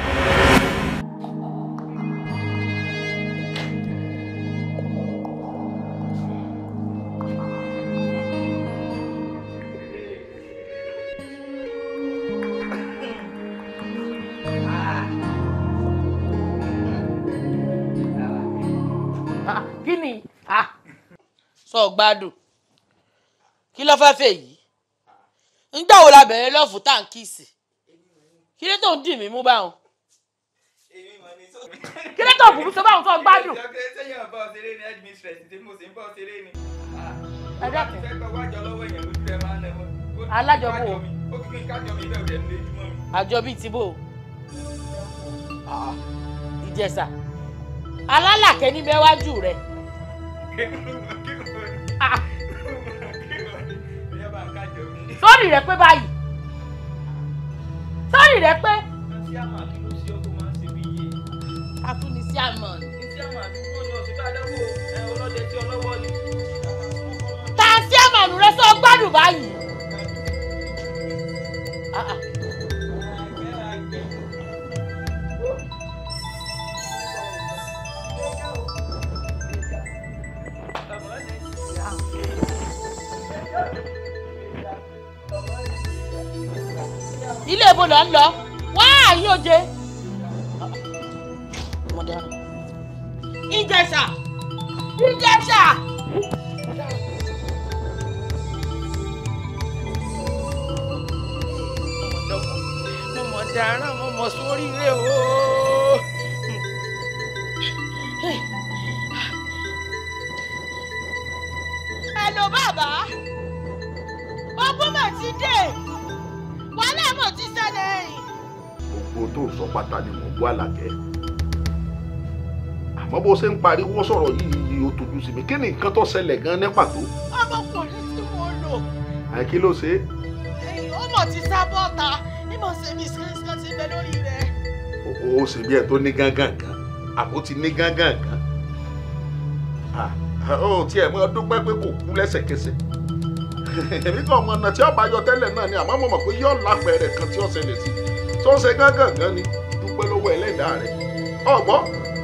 ọ̀gbádùn kí ló fẹ́ẹ́ fẹ́ yìí ńgbà wo la bẹ̀rẹ̀ lọ́ọ̀fù tá à ń kíìsì kí ló tó ń dì mí mú báwọn kí ló tó burú sọ báwọn tó gbádùn. ẹ dákẹ́ alájọbò àjọ ah, ìjẹsà alálàkẹ́ níbẹ̀ wájú rẹ̀ sórí rẹ pé báyìí sórí rẹ pé. atúnisí àmọ́ ni. tàǹsí rẹ sọ gbádùn báyìí. ilé ibo lọ ń lọ wá àyín oje. ìjẹsà ìjẹsà. mo mọ̀ dáràn mo mọ̀ sórí ilé o. ẹ lọ bàbá ọgbọ́n mà ti dé gbogbo tó sọ pátá ni mò ń wá làkẹ́ àmọ́ bó ṣe ń pariwo sọ̀rọ̀ yìí ni ó tójú sí mi kí ni nǹkan tó ṣẹlẹ̀ gan ní pàtó. ọmọkùnrin tí mo lò. àìkí ló ṣe é. ọmọ ti sá bọ́ta ìmọ̀ ṣe mi ṣíṣkan ti bẹ lórí rẹ̀. o ṣe bí ẹ tó ní gángan kan àbó ti ní gángan kan. ó tiẹ̀ mọ́ dúpẹ́ pé kò kú lẹ́sẹ̀kẹsẹ̀ èmi kan ọmọ ọ̀nà tí ọba yọ tẹ́lẹ̀ náà ni àmọ́ mo mọ̀ pé yóò lápẹ̀rẹ̀ kan tí ó ṣẹlẹ̀ sí tó ń ṣe gángan ni dúpẹ́ lọ́wọ́ ẹlẹ́dàá rẹ̀ ọ̀gbọ́n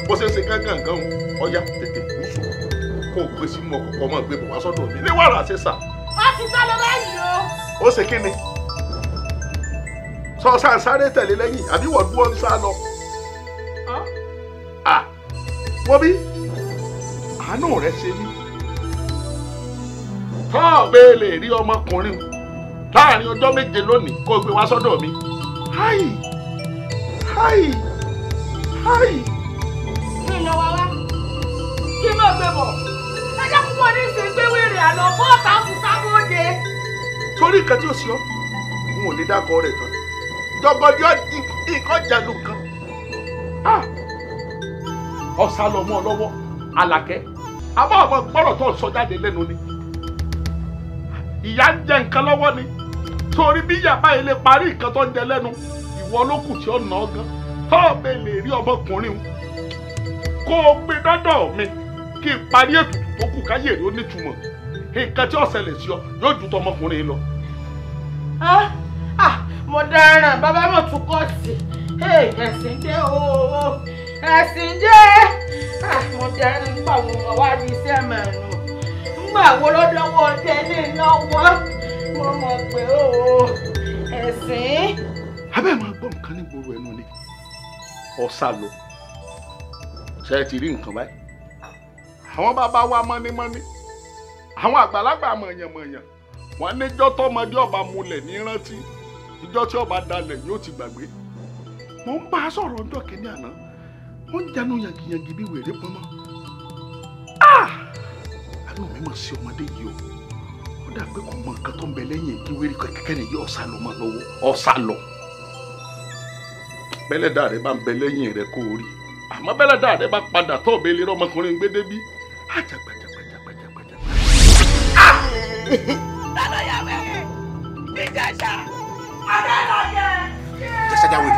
bó ṣe ṣe gángan gan o ọ̀yá tètè kú sùn kó o gbé sínú ọkọ̀ ọmọ ìgbé bọ̀ sọ́dọ̀ mi ní wàrà ṣe sà. ó ti sá lọ báyìí o. ó ṣe kí ni sọ sáà sáré tẹ̀lé lẹ́yìn àbí wọ́n dúró ń sá lọ. wọ́n bí àánú rẹ̀ ṣe mí tọ́ ọ̀bẹ lè rí ọmọkùnrin láàrin ọjọ́ méje lónìí kó o gbé wá sọ́dọ̀ mi. háì háì háì. kí ló wá wá kí ló gbé bọ̀ ẹ jẹ́ púpọ̀ ní ìsìn gbé wèrè àlọ́ bọ́ọ̀tà kù sábòde. torí nǹkan tí ó sì ọ́ n ò lè dákọ rẹ̀ tán jọgọdí nǹkan jàlù kan ọ̀sà lọ́mọ lọ́wọ́ àlàkẹ́ àbá àwọn gbọ́rọ̀ tó ń sọ jáde lẹ́nu ni ìyá ń jẹ nǹkan lọ́wọ́ ni torí bí yàrá ilé parí nǹkan tó ń jẹ lẹ́nu ìwọ ló kù tí ó nà ọ́ gan tọ́ọ̀bẹ lè rí ọmọkùnrin kó o gbé dọ́dọ̀ mi kí n parí ètùtù tó kù káyé rí ó nítumọ̀ nǹkan tí ó ṣẹlẹ̀ sí ọ yóò ju tọmọkùnrin lọ. mo dáràn bàbá mo tún kọ́ sí ẹ̀sìn dé ooo ẹ̀sìn dé mo dáràn nígbà wo mo wá rí iṣẹ́ ńgbà wo lọ́dọ́wọ́ tẹ́lẹ̀ lọ́wọ́ mo mọ̀ pé o ẹ̀sìn. abẹ́ máa gbọ́ nǹkan ní gbòòrò ẹnu ni ọ̀sà lọ ṣe é ti rí nǹkan báyìí àwọn bàbá wa mọ́nímọ́ní àwọn àgbàlagbà mọ̀yànmọ̀yàn wọn níjọ́ tọmọdé ọba mulẹ̀ ní rántí ìjọ́ tí ọba dalẹ̀ yóò ti gbàgbé mo ń bá a sọ̀rọ̀ ọjọ́ kìíní àná mo ń jẹnu yàngìyàngì bí wèrè pọnmọ́. Ah! inú mi mà sí ọmọdé yìí o ó dà pé kò mọ nǹkan tó ń bẹ lẹ́yìn kí wérí kẹ́kẹ́ nìyí ọ̀sà lọ mọ́ lọ́wọ́ ọ̀sà lọ. bẹ́lẹ́dà rẹ bá ń bẹ lẹ́yìn rẹ kó o rí àmọ́ bẹ́lẹ́dà rẹ bá padà tó ọ̀bẹ ilé ọmọkùnrin gbé débí àjàgbàjàgbàjàgbàjàgbàjà. tálọ́ ah! yà wẹ́rẹ́ ìjẹ̀ṣà adẹ́lọ́yẹ. Ah! jẹ́sẹ̀ jáwé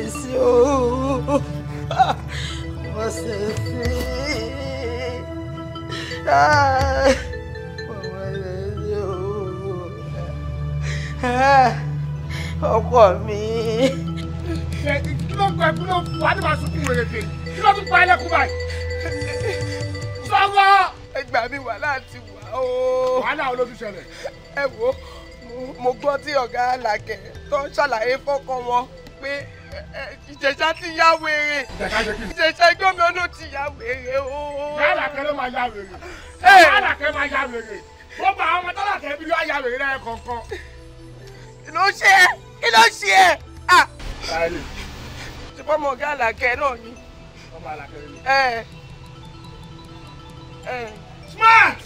èsì ooo wọ́n ṣe fi ọmọ èsì ooo ọkọ mi. kí ló ń gbọ́ ẹ kí ló ń fọ́ àdìmọ̀ àsùnkùn wèrè dè kí ló tún pa ẹlẹ́kùn báyìí sọ́wọ́ ẹgbà mi wà láti wà o. wàhálà olójú ṣẹlẹ̀. ẹ wo mo gbọ́ tí ọ̀gá làkẹ́ tó ń ṣàlàyé fọ́kàn wọn pé ìjẹ̀ṣà ti ya wèrè ìjẹ̀ṣà ẹgbẹ́ ló ti ya wèrè o. yálàkẹ́ ló máa ya wèrè yálàkẹ́ máa ya wèrè gbogbo àwọn ọmọ bí ló ya wèrè rẹ̀ kọ̀ọ̀kan. kí ṣe é kí ṣe é. ṣùgbọ́n mo ga àlàkẹ́ náà ni. smart.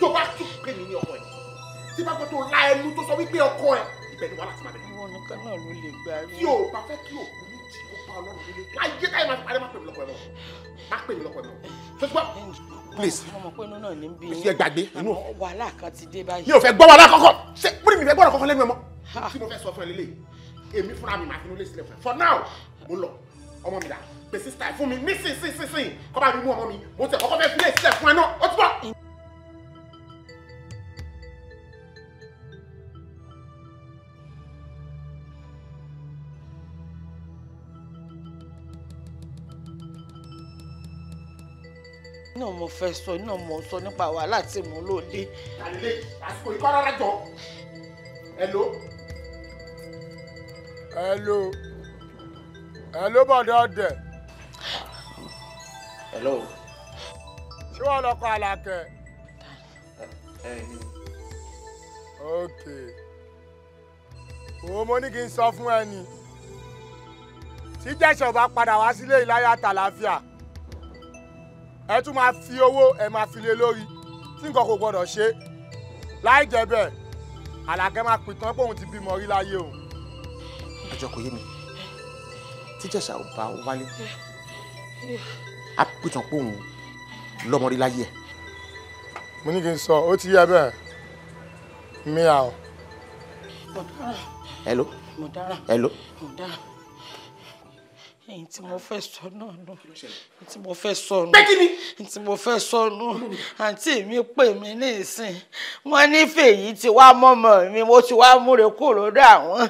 tó bá tún pè mí ní ọkọ ẹ tí bá gbọ́ tó la ẹnu tó sọ wípé ọkọ ẹ ibẹ̀ ni wàhálà ti máa bẹ̀rẹ̀. ìwọ nìkan náà ló lè gbà rí. tí o bá fẹ́ kí o kú ní jì kó pa ọlọ́run nílé ayé táyé máa fi parí má pè mí lọ́kọ ẹ̀ mọ́ má pè mí lọ́kọ ẹ̀ mọ́ tó please ọmọ pé inú náà ní bí. mi ẹ gbàgbé inú. wàhálà kan ti dé báyìí. mi ò fẹ́ gbọ́ wàhálà kọ́kọ́ ṣé pírí mi fẹ́ gbọ́dọ̀ kọ́kọ́ lẹ́nu ẹ mọ́. náà mo fẹ́ sọ náà mo sọ nípa wàhálà tí mo lò lé. àlè àsìkò ikọ́ jọ hello. hello hello bọ̀dọ̀ ọ̀dẹ̀. hello. ṣé wàá lọ kọ àlàkẹ́. ok òun mo ní kí n sọ fún ẹni tí jẹ́sọ̀ bá padà wá sílé ìláyà tàlàfíà ẹ tún máa fi owó ẹ máa fi lé lórí tí nǹkan kò gbọdọ̀ ṣe láì jẹ́ bẹ́ẹ̀ àlàkẹ́ máa pìtàn pé òun ti bímọ rí láyé òun. àjọ kò yé mi tíjẹ̀sà ò bá wálé á pìtàn pé òun lọ́mọ rí láyé ẹ̀. mo ní kí n sọ ó ti yẹ bẹ́ẹ̀ mi à ọ. mo dára. hello. mo dára. hello. mo dára ẹ̀yin tí mo fẹ́ sọ náà nù ẹ̀yin tí mo fẹ́ sọ nù ẹ̀yin tí mo fẹ́ sọ nù àǹtí mi pè mí ní ìsìn wọ́n ní fèyí ti wá mọ́mọ́ mi mo ti wá múre kúrò dá àwọn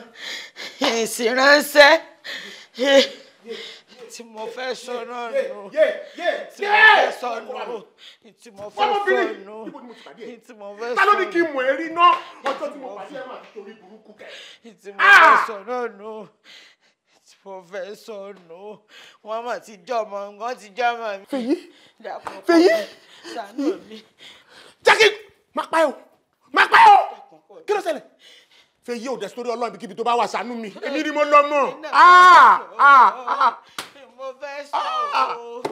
ìsìn ránṣẹ́ tí mo fẹ́ sọ náà nù tí mo fẹ́ sọ nù tí mo fẹ́ sọ nù tí mo fẹ́ sọ nù. ta ló ní kí n mọ̀ ẹ́ rí náà ọjọ́ tí mo pàdé ẹ̀ máa torí burúkú kẹ́. tí mo fẹ́ ah! sọ náà nù. Professor, no. sọnù wọn mà ti jọ ọmọ wọn ti jọ ọmọ mi. fèyí fèyí ṣàánú mi. jákè má pa ẹ o má pa ẹ o kí ló ṣẹlẹ̀ fèyí ò dẹ̀ sórí ọlọ́run ibikíbi tó bá wà ṣàánú mi èmi ni mo lọ mọ̀ ah, ah, ah, mo fẹ́ sọ̀rọ̀ o.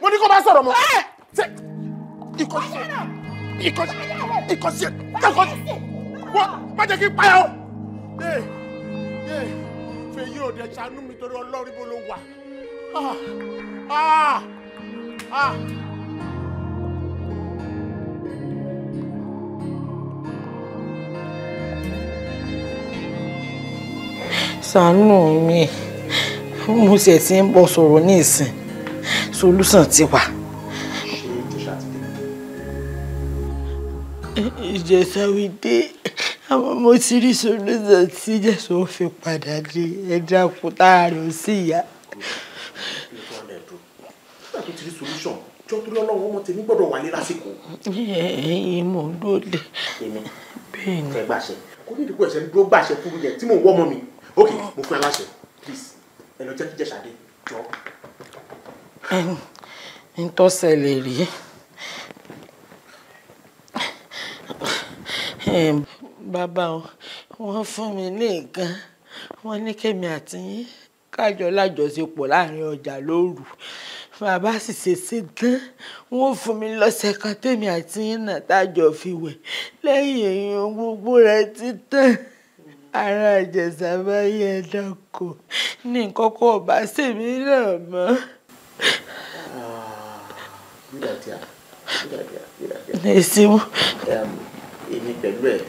mo ní kó má sọ̀rọ̀ mọ́ ìkọsí eh! ìkọsí ìkọsí ìkọsí wọ́n má jẹ́ kí n pa ẹ o. Eh, eh fèyí ò dẹ̀ ṣàánú mi torí ọlọ́run ibo wà. Ah! Ah! Ah! ṣàánú mi mo ṣe ti ń bọ̀ sọ̀rọ̀ ní ìsìn solúsàn ti wà. ìjẹsà wí dé àmọ́ mo ti rí solúzọ tí jésù ó fi padà dé ẹ̀dá òkúta rẹ̀ ó sì yá. jọ́tún lọ́lọ́wọ́ ọmọ tèmi gbọ́dọ̀ wà ní lásìkò. ẹyin mò ń dúró de. èmi bẹ́ẹ̀ ni. ok mo fún ẹ please ẹ lọ jẹ́ kí jẹ́sàdé jọ bàbá o wọ́n fún mi ní nǹkan wọ́n ní kémi àti yín kájọ lájọṣepọ̀ láàrin ọjà lóru bàbá sì ṣèṣe tán wọ́n fún mi lọ́sẹ̀ kan tèmi àti yín náà tájọ fi wẹ̀ lẹ́yìn èèyàn gbogbo rẹ̀ ti tán ara àjẹsà bá yẹ dáko ní nǹkan kó ọba sèmi náà mọ́. Ah, ní ìsinmi. Um, èmi pẹ̀lú ẹ̀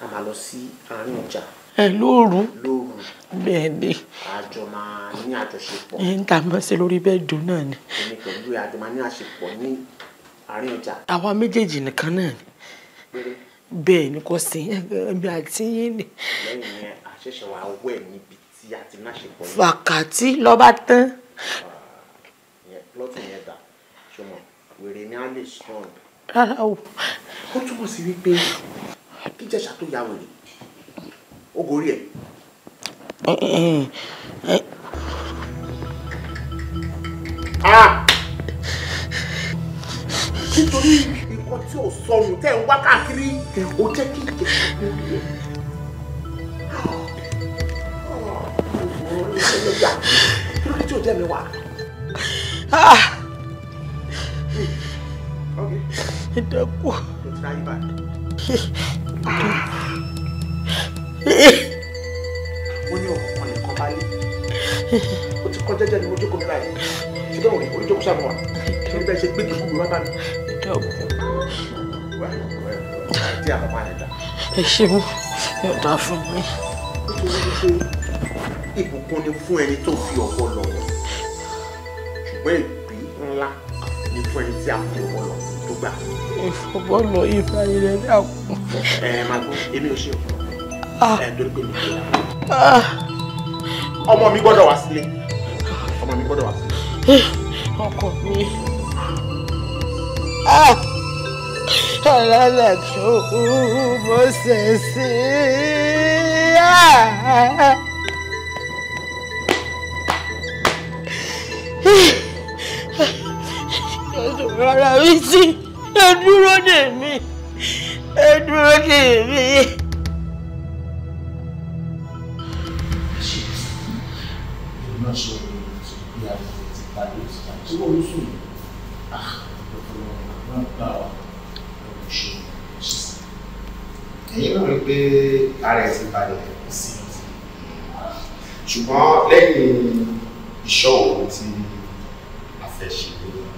a máa lọ sí àárín ọjà. ẹ lóòrù lóòrù bẹ́ẹ̀ ni. àjọ máa ní àjọṣepọ̀. ẹ ń tà mọ́ sí lórí bẹ́ẹ̀dù náà ni. èmi pẹ̀lú àjọ máa ní àṣepọ̀ ní àárín ọjà. àwa méjèèjì nìkan náà ni. bẹ́ẹ̀ ni kò sí ẹbí àti yín ni. lẹ́yìn yẹn àṣẹ̀ṣẹ̀ wàá wẹ̀ níbi tí a ti ní àṣepọ̀. wákàtí lọ́ba tán. lọ́tọ̀ yẹn dà ṣọmọ wèrè ni a lè sọ̀rọ̀. rárá o. ó túbọ̀ sí wípé kíjẹ̀ṣà tó ya ni. ó gorí ẹ̀. nítorí nǹkan tí ò sọnù tẹ́ ń wá káàkiri ó jẹ́ kí ìjẹ̀ṣà tó yẹ. kí ló dé Ah. Okay. jẹ́ mi wá. ẹ dẹ́kun mo ní ọ̀rọ̀ kan nìkan bá lé ó ti kọ́ jẹ́jẹ́ ni mo jókòó nílá yìí ṣùgbọ́n òní orí jókòó sáà mọ́ wa kí bẹ́ẹ̀ ṣe gbé kí fún mi wá bá mi. ẹ ṣeun ẹ dá fún mi. ìbùkún ni fún ẹni tó fi ọ̀pọ̀ lọ ṣùgbọ́n ìpín ńlá ni fún ẹni tí a fi ọ̀pọ̀ lọ gbà. ìfọ̀bọ́lọ̀ ìfàyẹ̀rẹ̀ ní àkùn. ẹ ẹ máa èmi ò ṣe o ah. ẹ pé mi kì í ọmọ mi gbọ́dọ̀ wá sílé ọmọ mi gbọ́dọ̀ wá sílé. Ah, ọkọ mi ah. alálàjò mo ṣe sí i. Rárá, rí sí ẹ dúró dè mí ẹ dúró dè mí. ẹ̀yin náà rí pé ara ẹ̀ ti balẹ̀ sí ṣùgbọ́n lẹ́yìn ìṣọ́ òun tí a fẹ́ ṣe lórí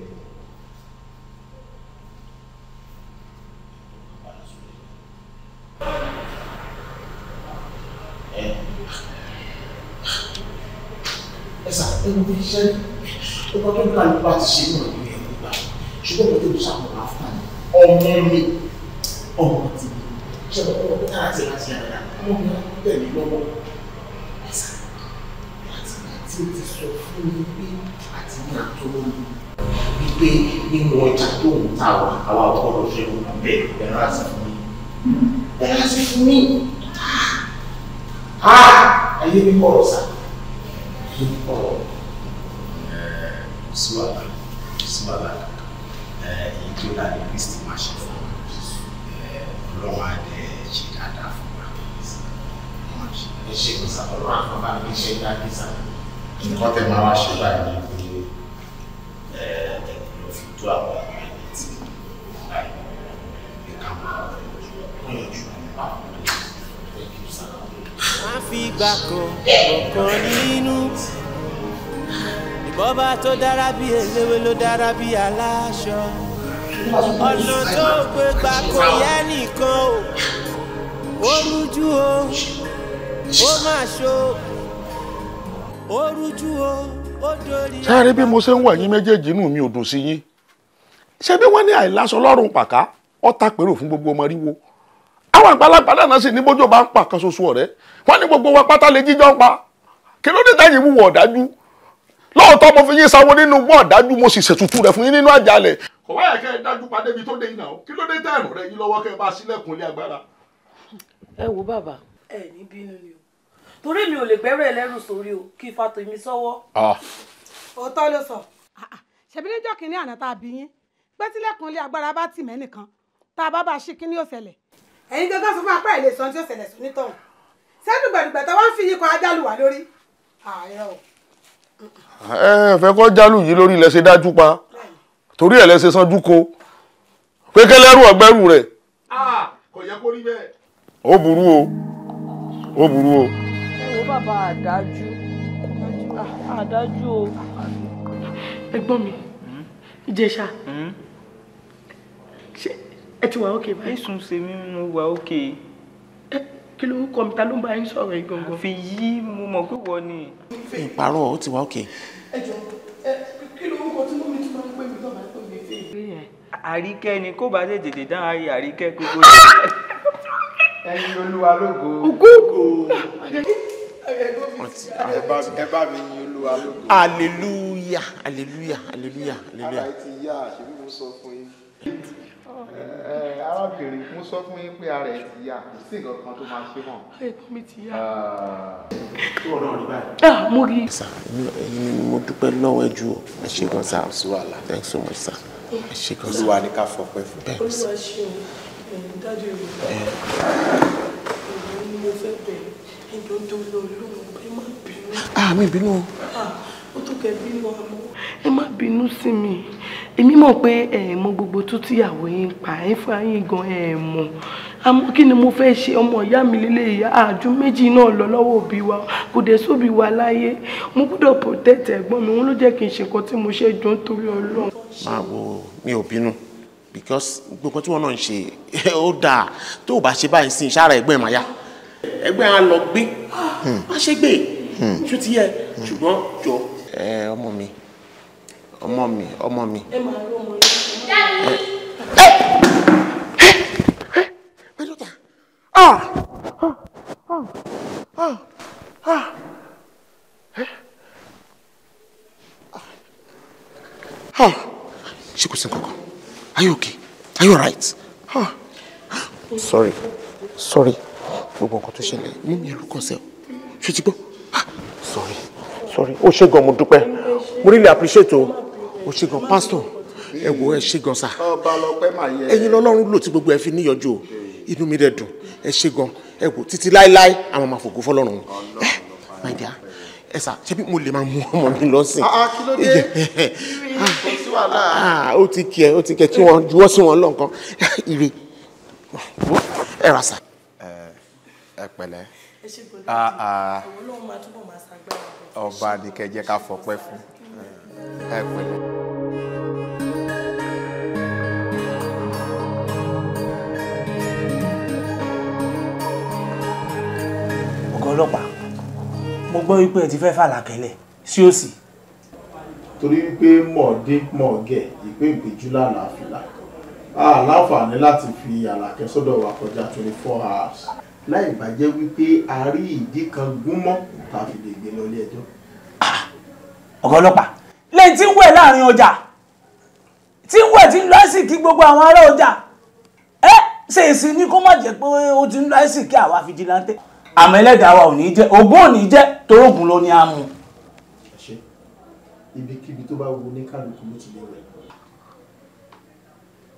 é essa tí ṣe ọkọ tó ń bá yín bá ti ṣe náà ní ẹ̀ nígbà ṣùgbọ́n mo tẹ́lẹ̀ ṣàkóso àfààní ọmọ mi ọmọ ti mi ṣe ọkọ tó ń bá ti rà sí àdàdà ọmọ mi bẹ̀ mí lọ́wọ́ ẹ̀sà láti máa tí o ti sọ fún mi pé àti ní àtọ́wọ́ mi wípé nínú ọjà tó ń ta àwa àwa ọkọ̀ lọ́sẹ̀ òun bẹ́ẹ̀ bẹ̀rẹ̀ àti fún mi. They asked me. ha ayé mi kọ̀ ọ̀sà. Ayé mi kọ̀ ọ̀ síwàlà síwàlà èyí tó dá ní Kristi máa ṣe fún wa. Ọlọ́run á dẹ̀ ṣe dáadáa fún wa. Ẹ ṣe kò sá ọlọ́run àti bàbá mi ṣe dá kí sá. Nǹkan tẹ máa wá ṣe báyìí ni pé ẹ̀ẹ́dẹ̀gbọ́n fi tó àwọn ọmọ ẹni tí láì ní ká máa gbìyànjú. a fi gbà kan ọ̀kan nínú ìbọ́bá tó dára bí eléwé ló dára bí aláṣọ ọ̀nà tó gbé gbà kò yẹ nìkan o ó o ó má ṣo ó o ó dorí. sáré bí mo ṣe ń wà yín méjèèjì inú mi ò dùn sí yín ṣé bí wọ́n ní àìláṣọ lọ́rùn pàká ọ̀tá pérò fún gbogbo ọmọ ríwo àwọn àgbàlagbà náà sì ní bójú bá ń pa kan ṣoṣo ọ̀rẹ́ wọ́n ní gbogbo wa pátá lè jíjọ́ pa kí ló dé táyì wúwo ọ̀dájú lóòótọ́ mo fi yín sanwó nínú gbọ́ ọ̀dájú mo sì ṣètùtù rẹ̀ fún yín nínú àjálẹ̀. kò wáyà kẹ́ ẹ dájú padé ibi tó dé iná o kí ló dé tẹ́ ẹ̀rù rẹ yín lọ́wọ́ kẹ́ ẹ bá sílẹ̀kùn ilé agbára. ẹ wo bàbá ẹ ní bínú ni o torí mi ò lè gbẹ́rù ẹlẹ́rù sórí o kí ifá tèmi sọ́wọ́. òótọ́ ló sọ. Ah, ah. ṣebí níjọ́ kìnínní àná tá a bí yín pé tílẹ̀kùn ilé agbára bá tì mẹ́nìkan tá a bá bá a ṣí kíní ó ẹ̀yin gangan sọ fún apá ẹ̀ lè sọ tí ó ṣẹlẹ̀ sọ nítọ̀hún sẹ́nu gbẹ̀dùgbẹ̀ tó wá ń fi yín kan ajálù wà lórí ààrẹ o. ẹ ẹ fẹ́ kọ́ jálù yìí lórí ilẹ̀ ṣe dájú pa torí ẹ̀ lẹ́sẹ̀ sanjú ko pé kẹ́lẹ́rù ọ̀gbẹ́rù rẹ̀. kò yẹ kó rí bẹ́ẹ̀. ó burú o ó burú o. ẹ wo bàbá àdájú àdájú o ẹ̀gbọ́n mi Ìjẹ̀ṣà ẹ ti wà ókè báyìí. èsùn ṣe mí mo wà ókè. kí ló kọ́ mi ta ló ń bá yín sọ̀rọ̀ yìí gangan. fi yí mo mọ̀ pé wọ́n ni. fẹ́ ìparọ́ ó ti wà ókè. ẹ jọ ẹ kí ló kọ́ tí mọ́mí ti máa ń pè mí tọ́ba tó mi fẹ́. àríkẹ́ ni kó bá tètè dán ayé àríkẹ́ gbogbo. ẹyin olúwa lógo. ògógó. ẹ bá mi yin olúwa lógo. hallelujah hallelujah hallelujah hallelujah. ara ti yá àṣírí mo sọ fún yín. Eh, arábìnrin mo sọ fún yín pé ara ẹ ti yá kò sí nǹkan kan tó máa ṣe hàn. ara ẹ mi ti yá. Ah. Ah, mo rí. sà mo dúpẹ́ lọ́wọ́ ẹ jù ẹ ṣe gan sà sí wàhálà thanks so much sà ẹ ṣe gan sà. olúwa ni ká fọpẹ́ fún. olúwa eh, eh. ni mo fẹ́ bẹ̀ ẹjọ́ tó lọ lóhùn ẹ má bínú. Ah, ẹ má bínú sí mi èmi mọ̀ pé ẹ̀ mọ gbogbo tó tíyàwó yín pa ẹ̀ fún ayín gan ẹ̀ mọ̀ àmọ́ kí ni mo fẹ́ ṣe ọmọ ìyá mi lélẹ̀ ìyá àjù méjì náà lọ lọ́wọ́ òbí wa kò dé sóbi wa láyé mo gbọ́dọ̀ protect ẹ̀gbọ́n mi òun ló jẹ́ kí n ṣe nǹkan tí mo ṣe jọ nítorí ọlọ́run. máa wo mi ò bínú because gbogbo tí wọn náà ń ṣe ó dáa tó o bá ṣe báyìí sí ìṣàrà ẹgbẹ́ ìmọ̀ ya ẹgbẹ́ á lọ gbé má hmm. ṣe gbé hmm. ṣùtì yẹ hmm. ṣùgbọ́n jọ. ẹ ọmọ mi ọmọ mi ọmọ mi. ẹ máa lọ ọmọ my daughter ah! Ah! ah ah ah ah ah ṣé kò sí nǹkankan are you okay are you alright ah sorry sorry gbogbo nǹkan tó ṣẹlẹ̀ mú mi ẹrú kan sẹ́ o ṣe ti gbọ́ ah! sorry sorry ó ṣe gan mo dúpẹ́ mo really appreciate o o ṣe gan pásítọ̀ ẹ wo ẹ ṣe gan sa ẹ̀yin lọ́lọ́run lò tí gbogbo ẹ fi níyọjú o inú mi dẹ̀ dùn ẹ ṣe gan ẹ wo títí láéláé àwọn máa fògo fọ́lọ́run ẹ eh, my dear ẹ sà ṣebí mo lè máa mú ọmọ mi lọ sìn. Ah, ah, kí ló dé kò sí wàhálà. Ah, ó ti kí ẹ ó ti kí ẹ kí wọn juwọ́ sí wọn lọ́nkàn ire ẹ rà sà. ẹ pẹ̀lẹ́ ọba nìkẹ́ jẹ́ ká fọpẹ́ fún ẹ pẹ̀lẹ́. ọ̀gá ọlọ́pàá mo gbọ́ wípé ẹ ti fẹ́ fàlàkẹ́lẹ̀ sí òsì. torí wípé mọ̀ọ́dé mọ̀ọ́gẹ̀ ìpé ìgbèjú lánàá fìlà a láǹfààní láti fi àlàkẹ́ sọ́dọ̀ wa kọjá twenty four hours láì bàjẹ́ wípé a rí ìdí kan gúnmọ́ tá a fi lè gbé lọ ilé ẹjọ́. ọ̀gá ah, ọlọ́pàá lẹ́yìn tí ń wẹ̀ láàrin ọjà tí ń wẹ̀ tí ń lọ́ọ́sì kí gbogbo àwọn ará ọjà ẹ ṣe èsì ni kó má jẹ́ pé ó ti ń lọ́ọ́sì kí àwa fìjìláńtẹ́ àmọ́ ẹlẹ́dàá wa ò ní jẹ́ ògùn ò ní jẹ́ torógùn ló ní á mu. ibikíbi tó bá wo ní kálukú ló ti lè wẹ̀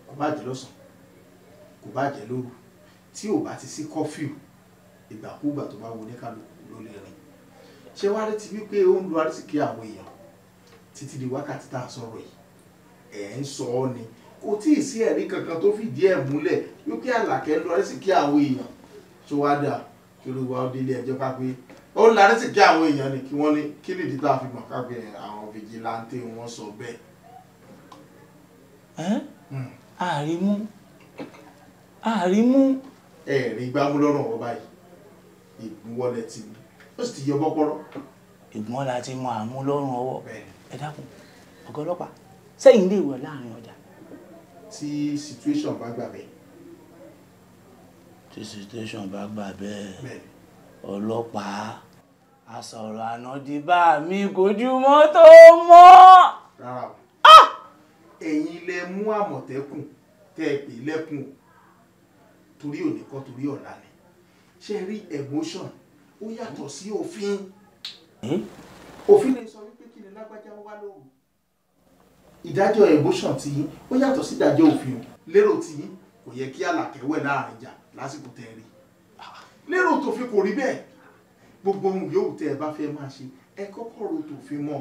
kò bá jẹ́ lọ́sàn kò bá jẹ́ lóru tí ò bá ti sí kọ́fíù ìgbàkúùgbà tó bá wo ní kálukú ló lè rìn ṣé wàá rí ti wípé ó ń lo arísìkí àwọn èèyàn títí di wákàtí tá a sọ̀rọ̀ yìí ẹ̀ ń sọ ọ́ ni kò tí ì sí ẹ̀rí kankan tó fìdí ẹ̀ múlẹ̀ yóò kí àlàkẹ́ lọ rẹ́sì kí àwọn èèyàn tó wá dà kí ló wá délé ẹjọ́ ká pé ó ń la rẹ́sì kí àwọn èèyàn ni kí wọ́n ní kí nìdí tá a fi mọ̀ ká pé àwọn fìjìláńtì wọn sọ bẹ́ẹ̀. ẹ́ hmm. àrímú àrímú. ẹ̀rín gbámú lọ́rùn ọba yìí ìgbúnwọlẹ̀ ti ní ó sì ti yọ bọ́pọ́rọ́. ìgbúnwọlẹ̀ ti mọ àmú lọ́rùn ọwọ́. bẹ́ẹ̀ ẹ dákun ọ̀gá ọlọ́pàá sẹ́yìn lè wọ̀ láàrin ọjà. tí situation bá gbà bẹ́ẹ̀. tí situation bá gbà bẹ́ẹ̀ ọlọ́pàá àsọ̀rọ̀ ànádìbá mi kò ju mọ́tò mọ́. rárá o ẹ̀yin lẹ mú àmọ̀tẹ́kùn tẹ́ ẹ pè lẹ́kùn torí òní torí ọ̀la ni ṣe rí emotion ó yàtọ̀ sí òfin hm? òfin lè sọ lágbájá wá lóhùn. ìdájọ́ emotion ti yín ó yàtọ̀ sí ìdájọ́ òfin lérò ti yín kò yẹ kí àlàkẹ́ wẹ̀ láàrin ìjà lásìkò tẹ́ ẹ rí lérò tòfin kò rí bẹ́ẹ̀ gbogbo ohun yòówù tẹ́ ẹ bá fẹ́ máa ṣe ẹ kọ́kọ́ ro tòfin mọ́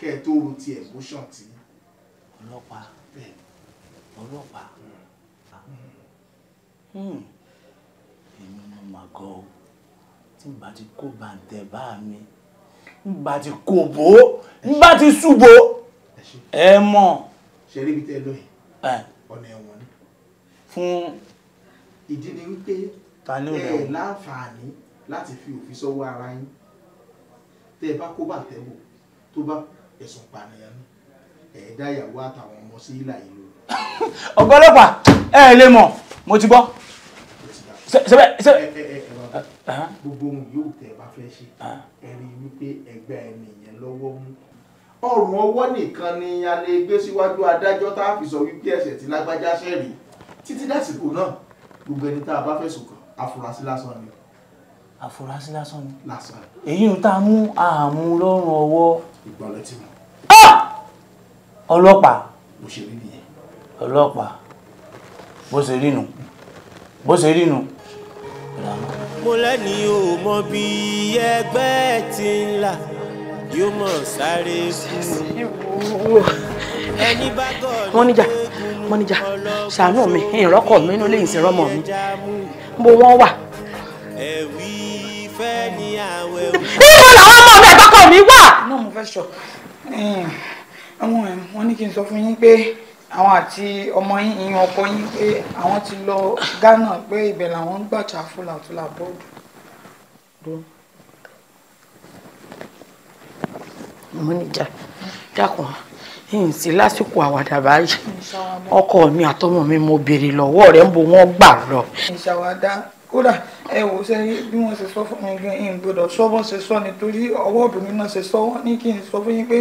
kẹ́ ẹ tó ro ti emotion ti yín. ọlọ́pàá ọlọ́pàá hmm. Hmm. èmi ló mà gọ́ ọ tí n bá ti kó bàǹtẹ̀ bá mi nígbà tí kò bó nígbà tí ṣùgbó ẹ mọ̀. ṣe rí ibi tẹ́ lọ yìí ọ̀nà ẹ̀wọ̀n ni. fún. ìdí ni wípé ẹ láǹfààní láti fi òfin sọ́wọ́ ara yín tẹ́ ẹ bá kó bàtẹ́wò tó bá ẹ̀sùn pànìyàn ní ẹ̀ẹ́dá ìyàwó àtàwọn ọmọ sí ìlà ìlú. ọ̀gá ọlọ́pàá ẹ lè mọ̀ mo ti gbọ́. ṣe bẹ́ẹ̀ bàbá gbogbo ohun yóò tẹ bá fẹ́ ṣe ah. ẹ rí wípé ẹgbẹ ènìyàn lọ́wọ́ mú ọrùn ọwọ́ nìkan ni a lè gbé síwájú adájọ́ tá a fi sọ wípé ẹ̀ṣẹ̀ tí lágbájá ṣẹ̀ rí títí dásìkò náà gbogbo ẹni tá a bá fẹ̀sùn kàn afurasí lásán ni. afurasí lásán ni. lásán. èyí ń ta mú àmú lọ́rùn ọwọ́. ìgbọ̀nlẹ̀ tí mo. Ah! ọlọ́pàá. mo ṣe rí nìyẹn. ọlọ́pàá bó ṣe rí nu bó ṣe rí nu. mo lẹ́ni ò mọ bí ẹgbẹ́ ti ń là yóò mọ̀ sáré kú. mọ́níjà mọ́níjà ṣàánú mi ìrọ́kọ̀ mi inú lẹ́yìn sí rọ́mọ mi bó wọ́n wà. ẹ̀wí fẹ́ làwọn ọmọ mi wà. àwọn ẹ̀ wọ́n ní kí n sọ fún yín pé. àwọn àti ọmọ yín ìyẹn ọkọ yín pé àwọn ti lọ Ghana pé ibẹ̀ làwọn ń gbàjà fúlàtúlà bọ́ọ̀dù. mo níjà dákun yìnyín sí lásìkò àwàdà báyìí ọkọ mi àtọmọ mi mo béèrè lọ́wọ́ rẹ̀ ń bo wọn gbà lọ. ìṣàwádà kódà ẹ wò ṣe rí bí wọ́n ṣe sọ fún mi gan yín gbọ́dọ̀ sọ bọ́n ṣe sọ nítorí ọwọ́ obìnrin náà ṣe sọ wọ́n ní kí n sọ fún yín pé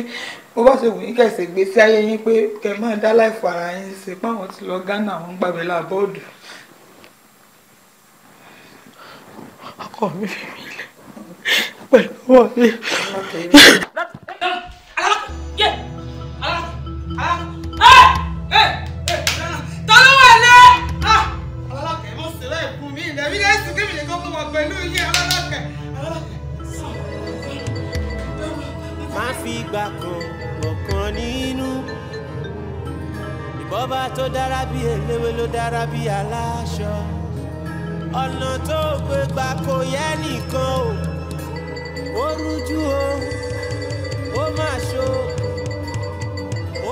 bó bá ṣe wù yín kẹ̀sẹ̀ gbé sí ayé yín pé kẹ̀ máa dá láìfọ ara yín ṣe páwọn ti lọ Ghana àwọn gbàgbé làbọ́ọ̀dù. ọkọ mi fi mí lẹ pẹ̀lú ọwọ́ mi. ta ló wà lẹ́? alákẹ́ mọ̀ sílẹ̀ kú ìdẹ̀bí lẹ́sùn kí mi lè kọ́kọ́ wà pẹ̀lú iye ọlọ́lọ́kẹ̀ ọlọ́kẹ̀. má fi ìgbà kan ọ̀kan nínú ìbọ́bá tó dára bí eléwé ló dára bí aláṣọ ọ̀nà tó gbé gbà kò yẹ nìkan o ó rújú o ó má ṣó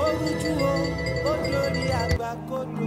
o ó rújú o ó dórí àgbà kodò.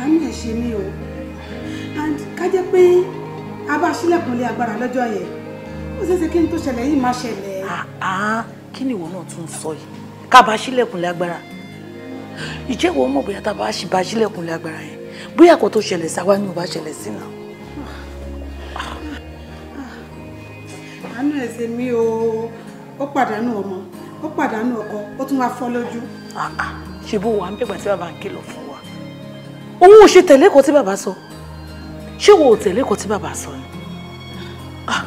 àánú ẹ̀ ṣe mí o and ká jẹ́ pé a bá sílẹ̀kùn lé agbára lọ́jọ́ yẹn ó ṣeé ṣe kí n tó ṣẹlẹ̀ yìí má ṣẹlẹ̀. Ah, ah, kí ni ìwọ náà tún sọ yìí ká bá sílẹ̀kùn lé agbára ìjẹ́ ìwọ mọ̀ bóyá tá a bá bá sílẹ̀kùn lé agbára yẹn bóyá kò tó ṣẹlẹ̀ sáwá ni ò bá ṣẹlẹ̀ sí náà. Ah, àánú ẹ̀ ṣe o ó pàdánù ọmọ ó pàdánù ọkọ ó tún wá fọ́ lójú. ṣe bó wà ń bẹ̀gbà tí bàbá ń kìlọ̀ fún òun ò ṣe tẹ̀lé kan tí bàbá sọ ṣé wo ò tẹ̀lé kan tí bàbá sọ ni ah,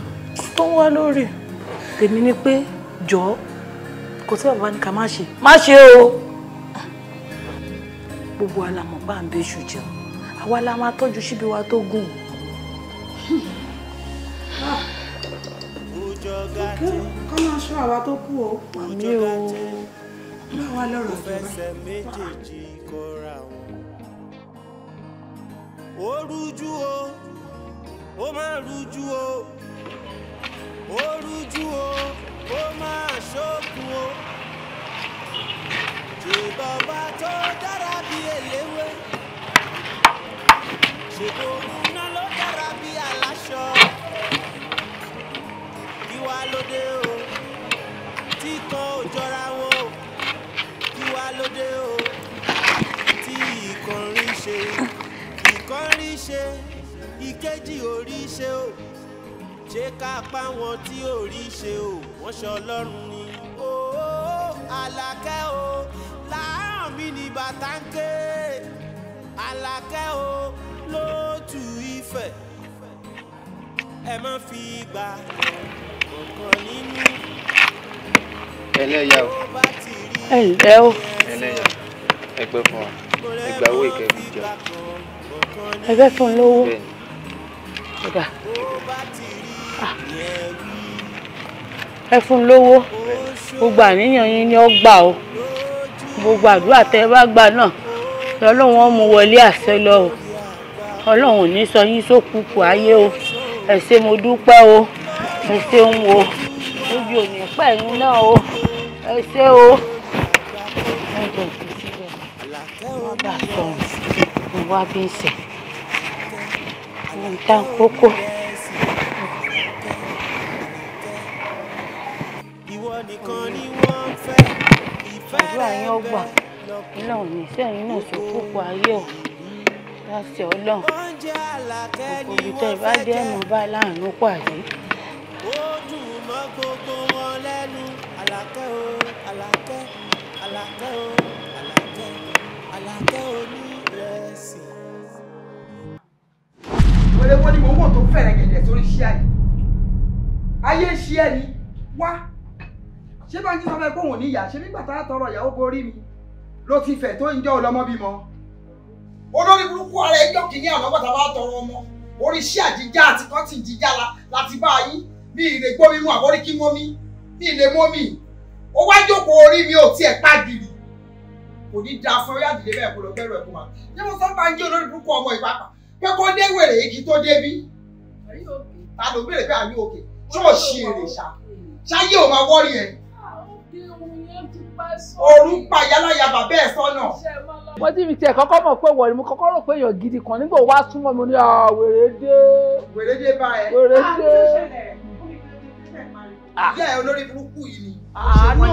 tó ń wá lórí tèmi ni pé jọ kò tí bàbá ní ká má ṣe má ṣe o gbogbo alamọ bá ń bẹṣù jẹun àwa la máa tọ́jú síbi wa tó gùn. òkè kọ́ máa ṣọ́ àwa tó kù o. àmì o báwa lọ́rọ̀ ìjọba. ó rújú o ó má rújú o ó rújú o ó má ṣókun o ṣùgbọ́n bá tó dára bí eléwé ṣùgbọ́n òun ló dára bí aláṣọ kí wá lóde o tí kan wọn o kí wá lóde o tí ìkànnì ṣe kan rí ṣe ìkejì ò ṣe o ṣé ká pa wọn tí ò ṣe o wọ́n ṣe ọlọ́run ni o Àlàkẹ́ o láàrán mi ní bàtà ń o lóòtú Ifẹ̀ ẹ má fi gbà ọ̀kan nínú. ẹlẹ́yà o. ẹ̀lẹ́ o. ẹgbẹ́ fún wa ẹgbàá owó ìkẹ́kọ̀ọ́ jẹun ẹgbẹ́ fún un lówó ọ̀dà ẹ fún un lówó gbogbo àníyàn yín ni ó gbà ó gbogbo àdúrà tẹ ẹ bá gbà náà lọ́lọ́run mú wọlé àṣẹ lọ o ọlọ́run ò ní sọ yín sókùnkùn ayé o ẹ ṣé mo dúpẹ́ o ẹ ṣeun o ojú òní pẹ̀lú náà o ẹ ṣé o. Thank you mo wá bí ń sẹ̀ mo ń ta kókó. àdúrà yín ọgbà ọlọ́run ní sẹ́yìn náà sọ púpọ̀ ayé ò láti ọlọ́run gbogbo ibi tẹ́ ẹ bá dé ẹ̀mọ́ bá láàánú pàdé. ó dùn mọ́ o àlàkẹ́ àlàkẹ́ o àlàkẹ́ àlàkẹ́ o ní. wẹ́rẹ́ wọ́n ní mo wò tó fẹ̀rẹ̀ gẹ̀dẹ̀ sórí iṣẹ́ àyè ayé ṣí ẹni wá ṣé bá ń jí sọfẹ́ kóhùn níyà ṣé nígbà tá a tọrọ ìyàwó borí mi ló ti fẹ̀ tó ń jẹ́ ọlọ́mọ bímọ. olórí burúkú ara ẹjọ́ kìíní àná bàtà bá tọrọ ọmọ orí iṣẹ́ àjíjá àti kọ́tì jíjá láti bá yín mi ì lè gbómi mu àbórí kí mọ́ mi mi ì lè mọ́ mi ó wá jókòó orí mi ò tiẹ̀ pàgìrì kò ní da fún ọyá àdìlẹ́ bẹ́ẹ̀ kó lọ bẹ́rù ẹ̀kú wa. ṣé mo sọ bá ń jẹ́ olórí burúkú ọmọ ìpapà pé kó dé wèrè igi tó débí ta ló béèrè pé àyè òkè ṣọ́ọ̀ṣì èrè ṣá ṣáyé ò máa wọ́rí ẹ̀. òòrùn pa yálàyà bàbá ẹ̀ sọ́nà. mo ti fi tiẹ̀ kọ́kọ́ mọ̀ pé wọ̀ ni mo kọ́kọ́ rò pé èèyàn gidi kan nígbà wá súnmọ́ mi ní wèrè dé. wèrè dé bá ẹ. wèrè dé. bẹ́ẹ̀ ah, olórí burúkú yìí ni àánú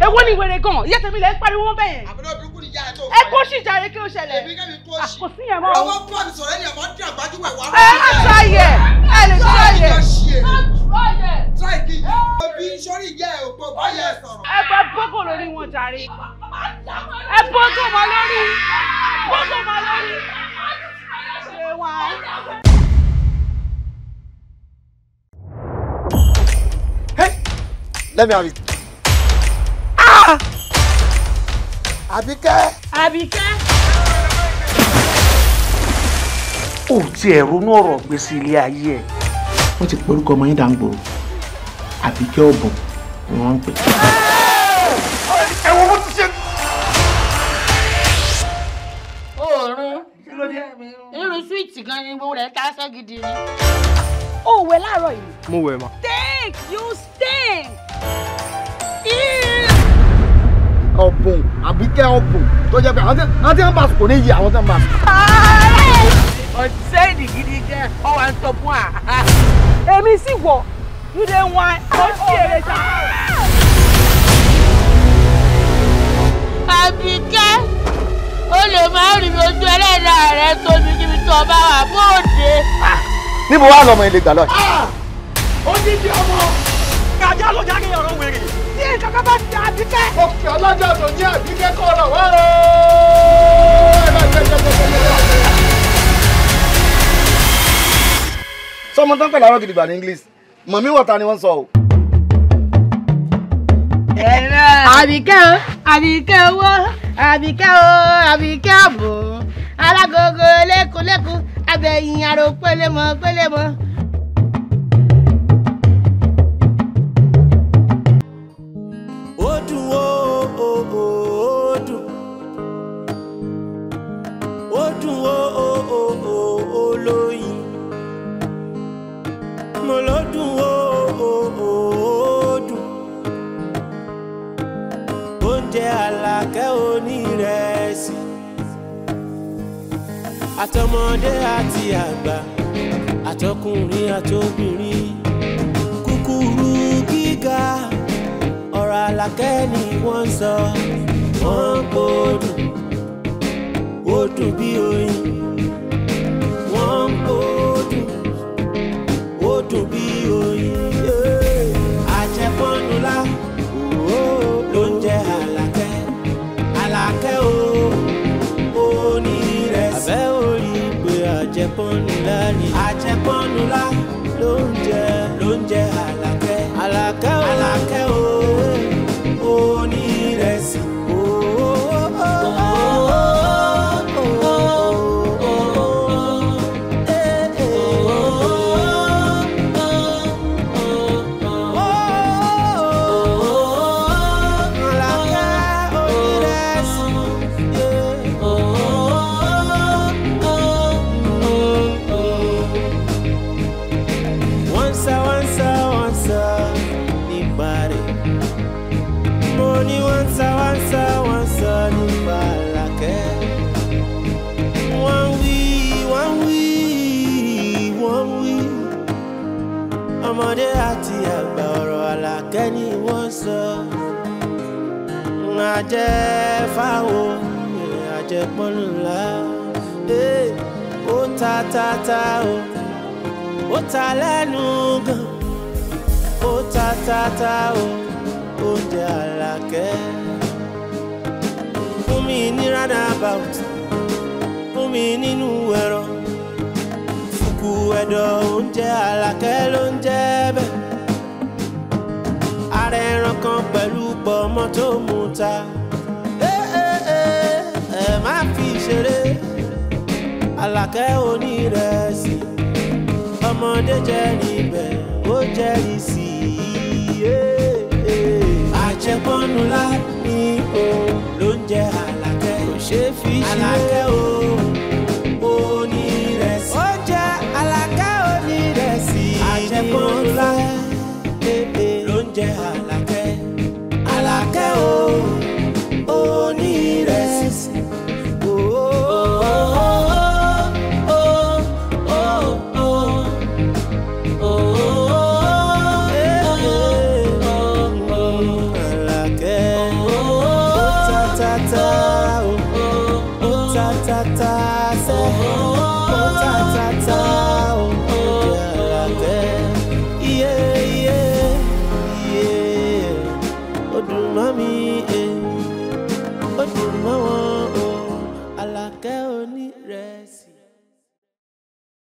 èwo ni wèrè gan iye tèmi lẹ ń pariwo wọn bẹyẹn ẹ kó ṣìjà rẹ kí o ṣẹlẹ̀ ah, kò sí yẹn mọ́. ọwọ́ pọ́ọ̀lù sọ̀rọ̀ ẹ̀yàn mọ́ dín àgbájúwẹ̀ wá. ẹ á tráyẹ ẹ lè tráyẹ tráyẹ. obi sórí ìyá ẹ òpó báyẹ sọ̀rọ̀. ẹ bá bọ́gò lórí wọn jàre ẹ bọ́gò mọ́ lórí bọ́gò mọ́ lórí ṣé wàá. Let me have it. Ah! Àbíkẹ́. Àbíkẹ́. Ó tiẹ̀ ronú ọ̀rọ̀ gbèsè ilé ayé ẹ̀. Wọ́n ti porúkọ ọmọ yín dàgbòrò. Àbíkẹ́ ọ̀bùn ni wọ́n ń pè. Ẹ̀wọ̀n mo ti ṣe. Oòrùn irun súwìtì gan ni gbogbo rẹ̀ ta sẹ́ gidi ni. Ó wẹ̀ láàárọ̀ yìí. Mo wẹ̀ ma. Take, you stink. ọ̀bùn àbíkẹ́ ọ̀bùn tó jẹ́ pé àwọn tí wọ́n bá sùkò ní yìí àwọn tí wọ́n bá sùkò. ọ̀sẹ̀ ìdìgídì jẹ́ ọwà ń sọ fún wa. èmi sì wọ̀ you dey whine ó sì èrè jà. àbíkẹ́ ó lè má rí mi ojú ẹlẹ́dàá rẹ tóbi kíbi tó bá wà bóde. Ah, níbo wàá lọmọ ilé gbà lọ. Ah, ó ní bí ọmọ kájà ló jáde ọ̀rọ̀ wèrè tí ìkankan bá ti àbíkẹ́. òkè ọlọ́jọ́ tó ní àbíkẹ́ kọ́ ọ̀rọ̀ wá o. sọmọ tó ń pè láàárọ̀ gidigba ní english mọ̀mí wọ̀ta ni wọ́n sọ o. àbíkẹ́ o àbíkẹ́ owó àbíkẹ́ o àbíkẹ́ ààbò alágogo lẹ́kùnlẹ́kùn abẹ́yìn àrò pélémọ́ mo ló dùn ó ó dùn oúnjẹ àlàkẹ́ onírẹsì àtọmọdé àti àgbà àtọkùnrin àtobìnrin kúkúrú gíga ọ̀rọ̀ àlàkẹ́ ni wọ́n ń sọ wọ́n ń pò dùn ó dùn bí oyin wọ́n ń pò dùn dùn bí oyin. àjẹpọ́nulá oh, ló ń jẹ àlàkẹ́ àlàkẹ́ o oh, ó ní ìrẹsì. àbẹ́ orí pé àjẹpọ́nulá ni. àjẹpọ́nulá ló ń jẹ ló ń jẹ àlàkẹ́ àlàkẹ́.